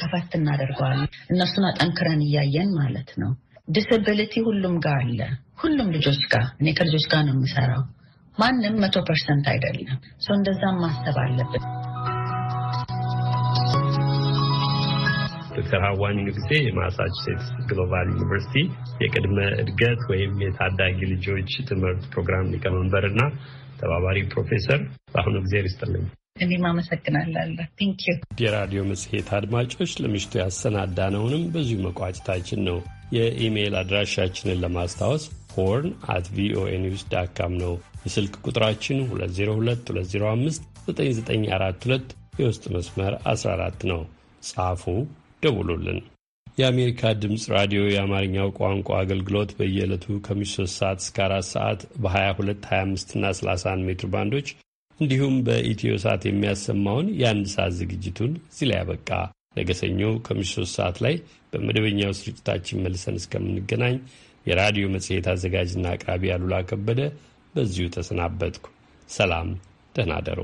ከፈት እናደርገዋለን። እነሱን አጠንክረን እያየን ማለት ነው። ዲስብሊቲ ሁሉም ጋር አለ። ሁሉም ልጆች ጋር እኔ ከልጆች ጋር ነው የምሰራው። ማንም መቶ ፐርሰንት አይደለም። ሰው እንደዛም ማሰብ አለብን። ዶክተር ሀዋኒ ንጉሴ የማሳቹሴትስ ግሎባል ዩኒቨርሲቲ የቅድመ እድገት ወይም የታዳጊ ልጆች ትምህርት ፕሮግራም ሊቀመንበር እና ተባባሪ ፕሮፌሰር በአሁኑ ጊዜ ርስጥልኝ። እኔም አመሰግናለሁ። ቴንክ ዩ። የራዲዮ መጽሔት አድማጮች ለምሽቱ ያሰናዳነውንም በዚሁ መቋጭታችን ነው። የኢሜይል አድራሻችንን ለማስታወስ ሆርን አት ቪኦኤ ኒውስ ዳት ካም ነው። የስልክ ቁጥራችን 2022059942 የውስጥ መስመር 14 ነው። ጻፉ፣ ደውሉልን። የአሜሪካ ድምፅ ራዲዮ የአማርኛው ቋንቋ አገልግሎት በየዕለቱ ከምሽቱ 3 ሰዓት እስከ 4 ሰዓት በ22፣ 25 እና 31 ሜትር ባንዶች እንዲሁም በኢትዮ ሰዓት የሚያሰማውን የአንድ ሰዓት ዝግጅቱን እዚህ ላይ ያበቃ። ነገ ሰኞ ከምሽቱ 3 ሰዓት ላይ በመደበኛው ስርጭታችን መልሰን እስከምንገናኝ የራዲዮ መጽሔት አዘጋጅና አቅራቢ አሉላ ከበደ በዚሁ ተሰናበትኩ። ሰላም፣ ደህና ደሩ።